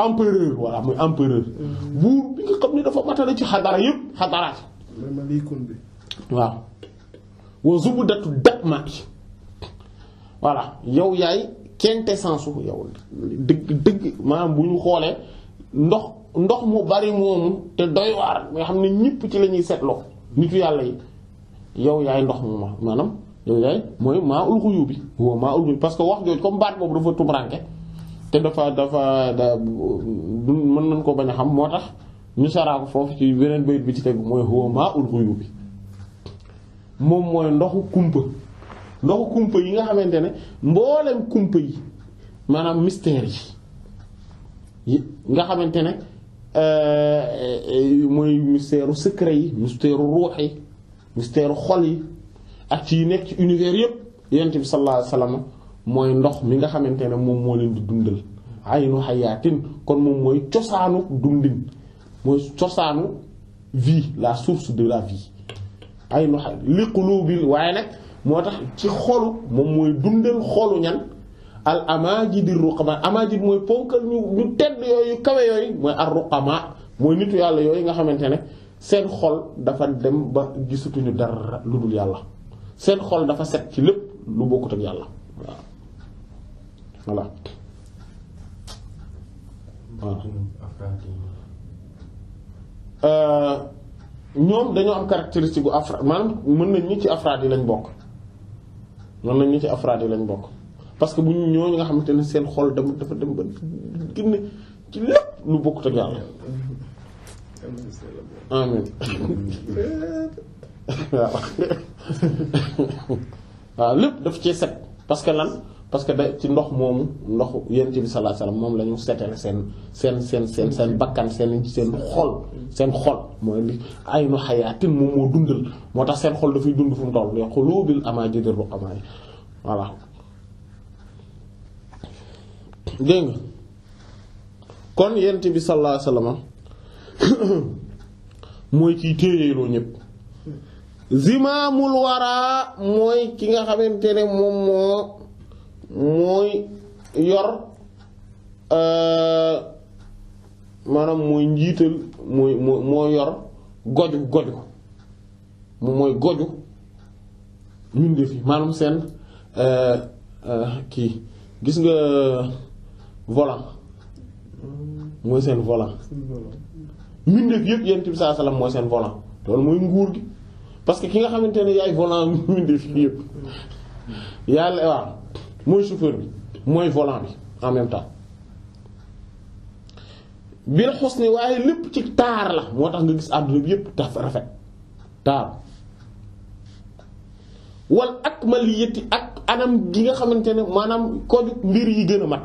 empereur voilà muy empereur mm-hmm. bour bi nga xam dafa ci malik. yeb malikun bi waaw wa zubdatu voilà yow yaay quintessence yow deug deug buñu xolé ndox ndox mu bari moomu te doy waar nga xam ne ñëpp ci la ñuy seetloo nitu yow yaay ndox mu ma maanaam yow yaay bi waaw parce que wax jooju comme baat boobu dafa tumranke te dafa dafa da mën nañ ko bañ a xam moo tax ñu foofu ci bi ci tegu mooy waaw maa ul moom mooy ndoxu kumpa ndoxu kumpa yi nga xamante ne mboolem kumpa yi maanaam mystère yi. nga xamantene euh moy mystère secret yi mystère ruhi mystère xol yi ak ci nek ci univers yeb yonent bi sallallahu alayhi wasallam moy ndox mi nga xamantene mom mo len di dundal aynu hayatin kon mom moy tiosanu dundin moy tiosanu vie la source de la vie aynu xa li qulubil waaye nag moo ci xolu mom moy dundal xolu ñan al amaajid ruqama amaajid mooy ponkal ñu ñu tedd yooyu kawe yooyu mooy ar ruqama mooy nitu yàlla yooyu nga xamante ne seen xol dafa dem ba gisutuñu dara lu dul yàlla seen xol dafa set ci lépp lu bokkut ak yàlla waaw voilà waaw euh, ñoom dañoo am caractéristique bu afra mën nañ ñi ci afraad yi lañ bokk mën nañ ñi ci afraad yi lañ bokk parce que bu ñu ñoo nga xamante ne seen xol dem dafa dem ba génne ci lépp lu bokkut ak yàlla amin waaw lépp daf cee set parce que lan parce que da ci ndox moomu ndox yent bi sallallahu alayhi moom la ñu setale seen seen seen seen seen bakkan seen seen xol seen xol mooy li ay nu xayaatin moom moo dundal moo tax seen xol dafay dund fu mu toll xulubil amaajidir ruqamaa voilà dégg kon yent bi sallallahu alayhi wasallam mooy kiy téereeloo ñëpp zimaamul waraa mooy ki nga xamante ne moom moo mooy yor euh, maanaam mooy njiital mooy moo yor goju goju moom mooy goju mbindeef yi maanaam seen euh, euh, kii gis nga volant mooy seen volant mbindeef yëpp yonent bi sallallahu alayhi mooy seen volant loolu mooy nguur gi parce que ki nga xamante ne yaay volant mbindeef yëpp yàlla waaw mooy chauffeur bi mooy volant bi en même temps bil husni waaye lépp ci taar la moo tax nga gis àdduna bi yëpp taf rafet taar wal akmaliyati ak anam gi nga xamante ne maanaam ko mbir yi gën a mat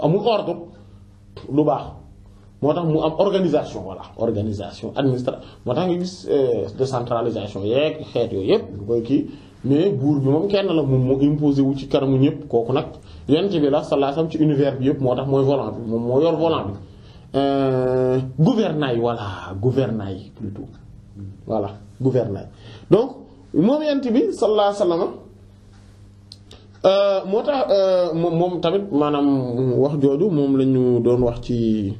amul ordre lu organisation voilà organisation administration motax euh, décentralisation mais bour bi mom kenn imposé wu ci univers bi volant volant euh, gouvernail voilà gouvernail plutôt voilà gouvernail donc mom Euh, moo tax euh, moom tamit maanaam wax jooju moom la ñu doon wax ci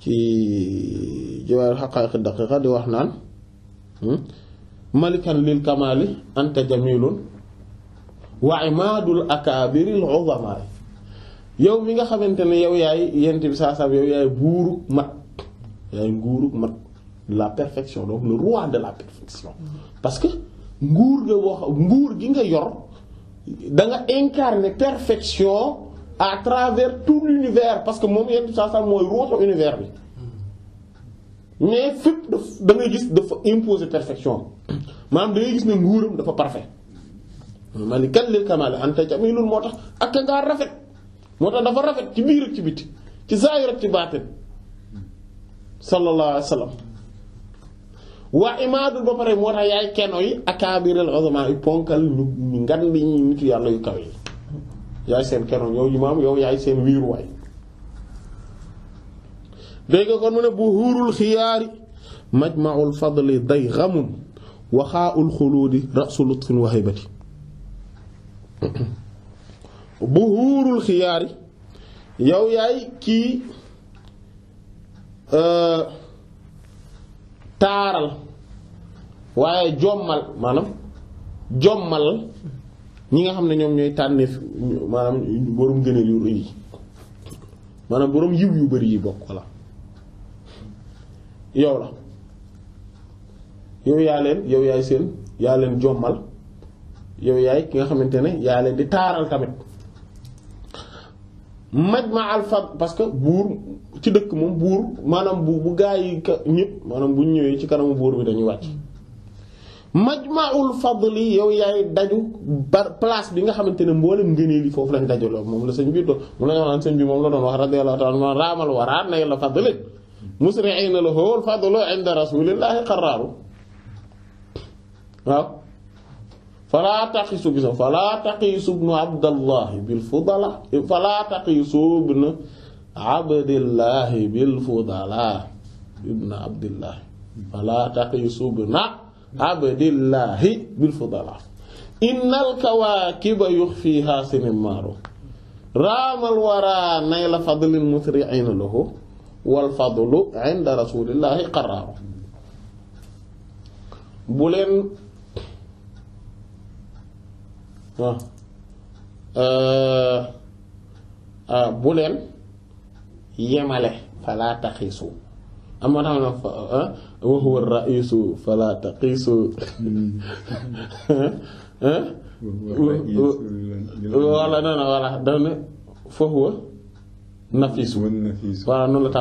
ci jawaar xaqaayiqi daqiqa di wax naan hmm, malikan lil kamali anta jamilun wa imaadul akaabiril uzama yow mi nga xamante ne yow yaay yent bi saa saam yow yaay buurug mat yaay nguurug mat la perfection donc le roi de la perfection parce que nguur nga wax nguur gi nga yor da nga incarner perfection à travers tout l'univers parce que moom yenn saa saa mooy ruuxu univers bi mais fépp daf da ngay gis dafa imposer perfection maanaam da gis ne nguuram dafa parfait ma ni kan lil kamali anta loolu moo tax ak a ngaa rafet moo tax dafa rafet ci biir ak ci biti ci zaahir ak ci baatin sallallahu alayhi wa imaadul ba pare moo yaay keno yi akaabiril uzma yi ponkal ñu ngan ni ñu nitu yàlla yu kaw yi yaay seen keno yow imaam yow yaay seen wiiruwaay way nga kon mo ne bu huurul xiyaari majmaul fadli day wa kha'ul xuluudi ra'sul lutfin wa haybati bu huurul xiyaari yow yaay kii taaral waaye jommal maanaam jommal ñi nga xam ne ñoom ñooy tànneef maanaam borom gëneel yu rëy yi maanaam borom yiw yu bari yi bokk walla yow la yow yaa leen yow yaay seen yaa leen jommal yow yaay ki nga xamante ne yaa leen di taaral tamit maj ma alfa parce buur ci dëkk moom buur maanaam bu bu gaa yi ñëpp maanaam bu ñëwee ci kanamu buur bi dañuy wàcc majma'ul fadli yow yaay daju bar place bi nga xamante ne mboolem ngëneel yi foofu lañ dajaloo moom la sëñ bi doon mu la ñu waxoon sëñ bi moom la doon wax radiyallahu ta'ala anhu raamal waraa nayla fadlin musri'ina lahu al fadlu 'inda rasulillahi qarraaru waaw falaa bi sa falaa taqisu ibnu abdallahi bil fudala falaa عبد الله بالفضلاء ابن عبد الله فلا تقيس ابن عبد الله بالفضلاء إن الكواكب يخفيها سنمار رام الورى نيل فضل المسرعين له والفضل عند رسول الله قرار بولين ا آه،, آه،, آه. بولين yemale fala taxiisu am moo tax ah, wa huwa raisu fala taxiisu ah, ah, wala non non voilà dana fa huwa nafiisu voilà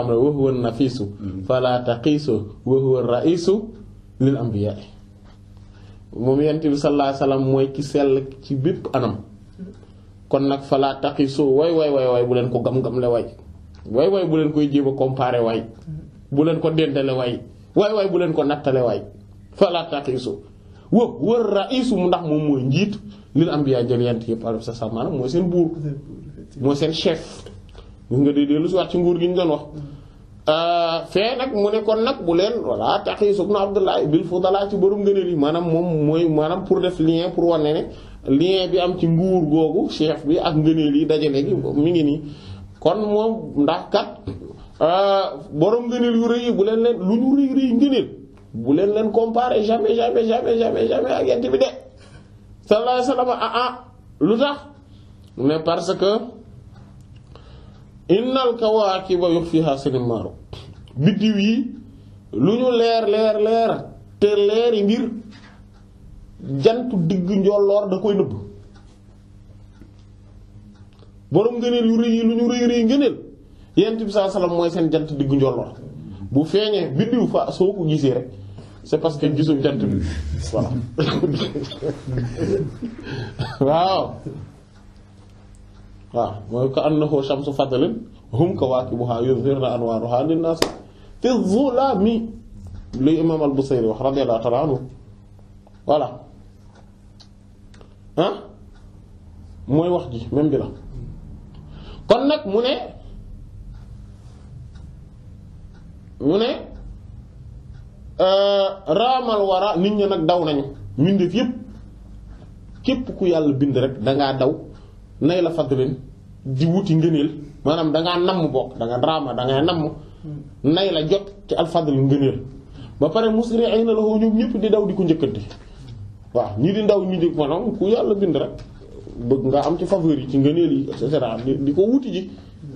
mm-hmm. moom yonent bi sallallahu alayhi mooy ki sell ci bépp anam mm-hmm. kon nag fala taxiisu way way way bu leen ko gam-gam way waay waay bu leen koy jéem a comparer waay bu leen ko dendale waay waay waay bu leen ko nattale waay fala taqisu wa war ra'isu mu ndax moom mooy njiit lil ambiya jël yant yëpp alei sa salam mooy seen buur mooy seen chef gis nga dee lu si wax ci nguur gi ñu doon wax ah, fee nag mu ne kon nag bu leen voilà Taqis ibn Abdullah bil fudala ci borom ngëneel yi maanaam moom mooy maanaam pour def lien pour wane ne lien bi am ci nguur googu chef bi ak ngëneel yi dajale gi mi ngi nii kon moom ndax kat euh, boroom ngëneel yu rëy bu leen leen lu ñu rëy rëy bu leen leen comparer jamais jamais jamais jamais ak yent bi de sallallahu alayhi ah ah lu tax mais parce que innal kawaakiba yukhfiha sinmaaru biddiw yi lu ñu leer leer leer te leeri ngir jant digg njolloor da koy nëbb borom ngëneel yu rëy yi lu ñu rëy rëy ngëneel yonent bi sallallahu alayhi mooy seen jant diggu njolloor bu feeñee biddiw fa soo ko gisee rek c'est parce que gisuñ jant bi waaw waaw mooy ka annahu shamsu fadlin hum kawaakibuhaa yuzhirna anwaaruhaa linnaasi fi zulami li imaam al-Busayri wax radiyallahu ta'ala anhu voilà ah mooy wax ji même bi la kon nag mu ne mu ne euh, raamal wara nit ñi nag daw nañu mbindeef yépp képp ku yàlla bind rek dangaa daw nay la fadlin di wuti ngëneel maanaam dangaa namm bokk danga raama dangay namm hmm. nay la jot ci alfadl ngëneel ba pare musri ay na la ñoom ñëpp di daw di ko njëkkante waaw ñii di ndaw ñi di maanaam ku yàlla bind rek bëgg nga am ci faveur yi ci ngëneel yi et cetera di ko wuti ji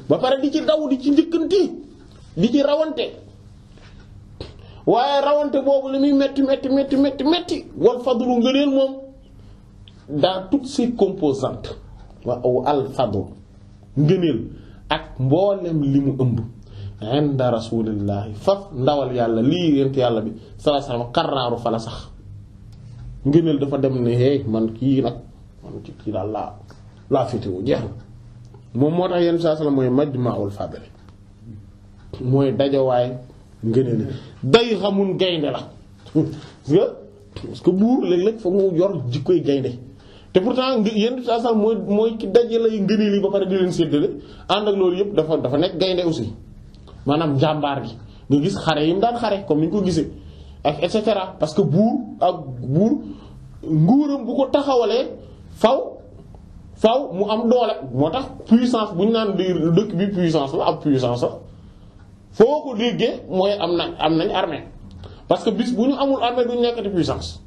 ba pare di ci daw di ci njëkkante di ci rawante waaye rawante boobu li muy metti metti metti metti metti wal fadlu ngëneel ak mboolem li mu ëmb inda rasulillahi faf ndawal yàlla lii yent yàlla bi sallallahu alayhi wasallam fa la sax ngëneel dafa dem ne hey man kii nag man ci kii daal laa laa féetewoo jeex na moom moo tax yenn saa salaam mooy majmaul fadl mooy dajawaay ngëneel day xamul gaynde la parce que buur léeg-léeg foog mu yor jikkoy gaynde te pourtant yenn saa salaam mooy mooy ki dajalay ngëneel yi ba pare di leen séddale ànd ak loolu yëpp dafa dafa nekk gaynde aussi maanaam njàmbaar gi nga gis xare yi mu daan xare comme ni ñu ko gisee ak et cetera parce que buur ak buur nguuram bu ko taxawalee. faw faw mu am doole moo tax puissance bu ñu naan dëkk bi puissance la am puissance la foo ko déggee mooy am na am nañ armée parce que bis bu ñu amul armée duñu nekkati puissance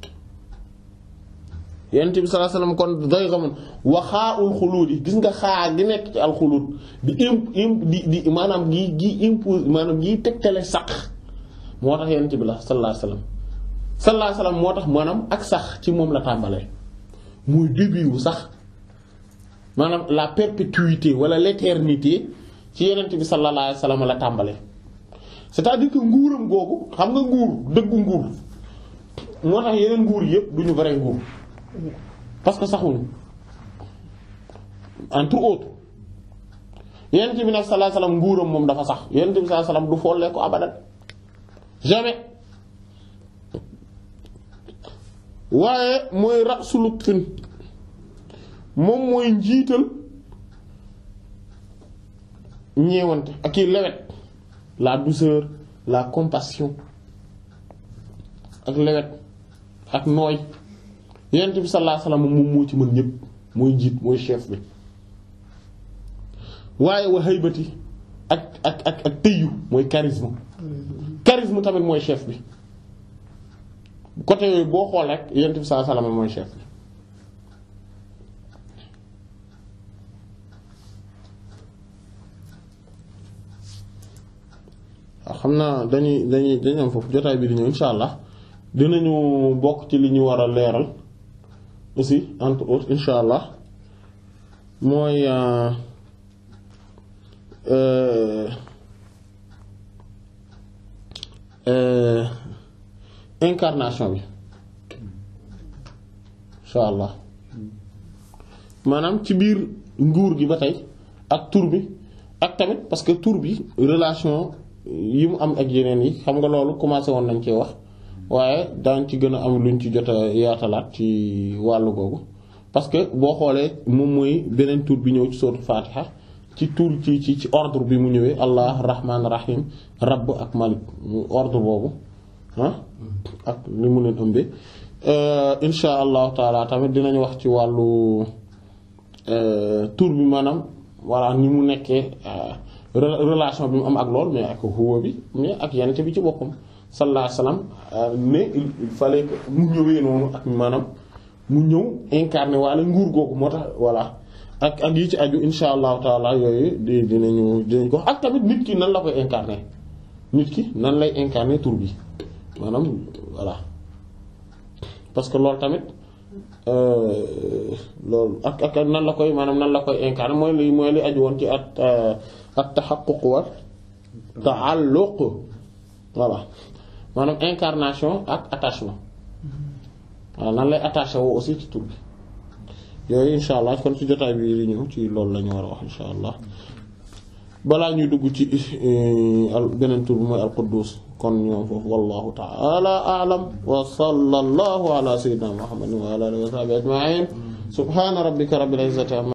yonent bi sallallahu alayhi wasallam kon doy xaman waxaa ul xuluud yi gis nga xaa gi nekk ci alxuluud di imp di di maanaam gi gi impose maanaam gi tele sax moo tax yonent bi la sallallahu alayhi wasallam sallallahu alayhi wasallam moo tax maanaam ak sax ci moom la tàmbalee muy début wu sax maanaam la perpétuité wala l'éternité ci yonent bi sallallahu alayhi wa la tàmbale c'est-à-dire que nguuram googu xam nga nguur dëggu nguur moo tax yeneen nguur yépp ñu bare nguur parce que saxuñu entre autres yonent bi nag sallallahu alayhi nguuram moom dafa sax yonent bi sallallahu alayhi wa sallam du follee ko abadan jamais waaye mooy rasul lutfin moom mooy njiital ñeewante ak i lewet la douceur la compassion ak lewet ak nooy yonent bi sallallahu moom moo ci mën ñëpp mooy njiit mooy chef bi waaye wa haybati ak ak ak tëyu mooy charisme charisme tamit mooy chef bi côté yooyu boo xool rek yonent bi sallallahu mooy chef bi waaw xam naa dañuy dañuy dañu am foofu jotaay bi di ñëw insha allah dinañu bokk ci li ñuy war a leeral aussi entre autres insha allah mooy euh, euh, euh, incarnation bi insha allah maanaam ci biir nguur gi ba tey ak tur bi ak tamit parce que tur bi relation yi mu am ak yeneen yi xam nga loolu commencé woon nañ ci wax waaye daan ci gën a am luñ ci jot yaatalaat ci wàll googu parce que boo xoolee moom mooy beneen tur bi ñëw ci sootu Fatiha ci tur ci ci ci ordre bi mu ñëwee Allah rahman rahim rabb ak malik ordre boobu ah ak ni mu leen ëmbee euh, insha allahu taala tamit dinañ wax ci wàllu euh, tour bi maanaam voilà ni mu nekkee euh, relation bi mu am ak lool mais ak huwa bi mais ak yenente bi ci boppam sallallahu alayhi wa sallam mu ñëwee noonu ak maanaam mu ñëw incarné waale nguur googu moo tax voilà ak ak yi ci aju insha allahu taala yooyu di dinañu dinañ ko ak tamit nit ki nan la koy incarné nit ki nan lay incarné tur bi maanaam voilà parce que loolu tamit euh, loolu ak ak nan la koy maanaam nan la koy incarné mooy li mooy li aju woon ci at euh, at taxaquq wa taalluq voilà maanaam incarnation ak attachement waaw nan lay attaché woo aussi ci tur bi yooyu insha allah kon ci jotaay bi li ñëw ci loolu la ñu war a wax insha allah balaa ñuy dugg ci euh, al beneen tur bi mooy al kon ñoom foofu wallahu ta'ala a'lam wa sallallahu ala sayyidina muhammadin wa ala alihi wa sahbihi ajma'in subhana rabbika rabbil izzati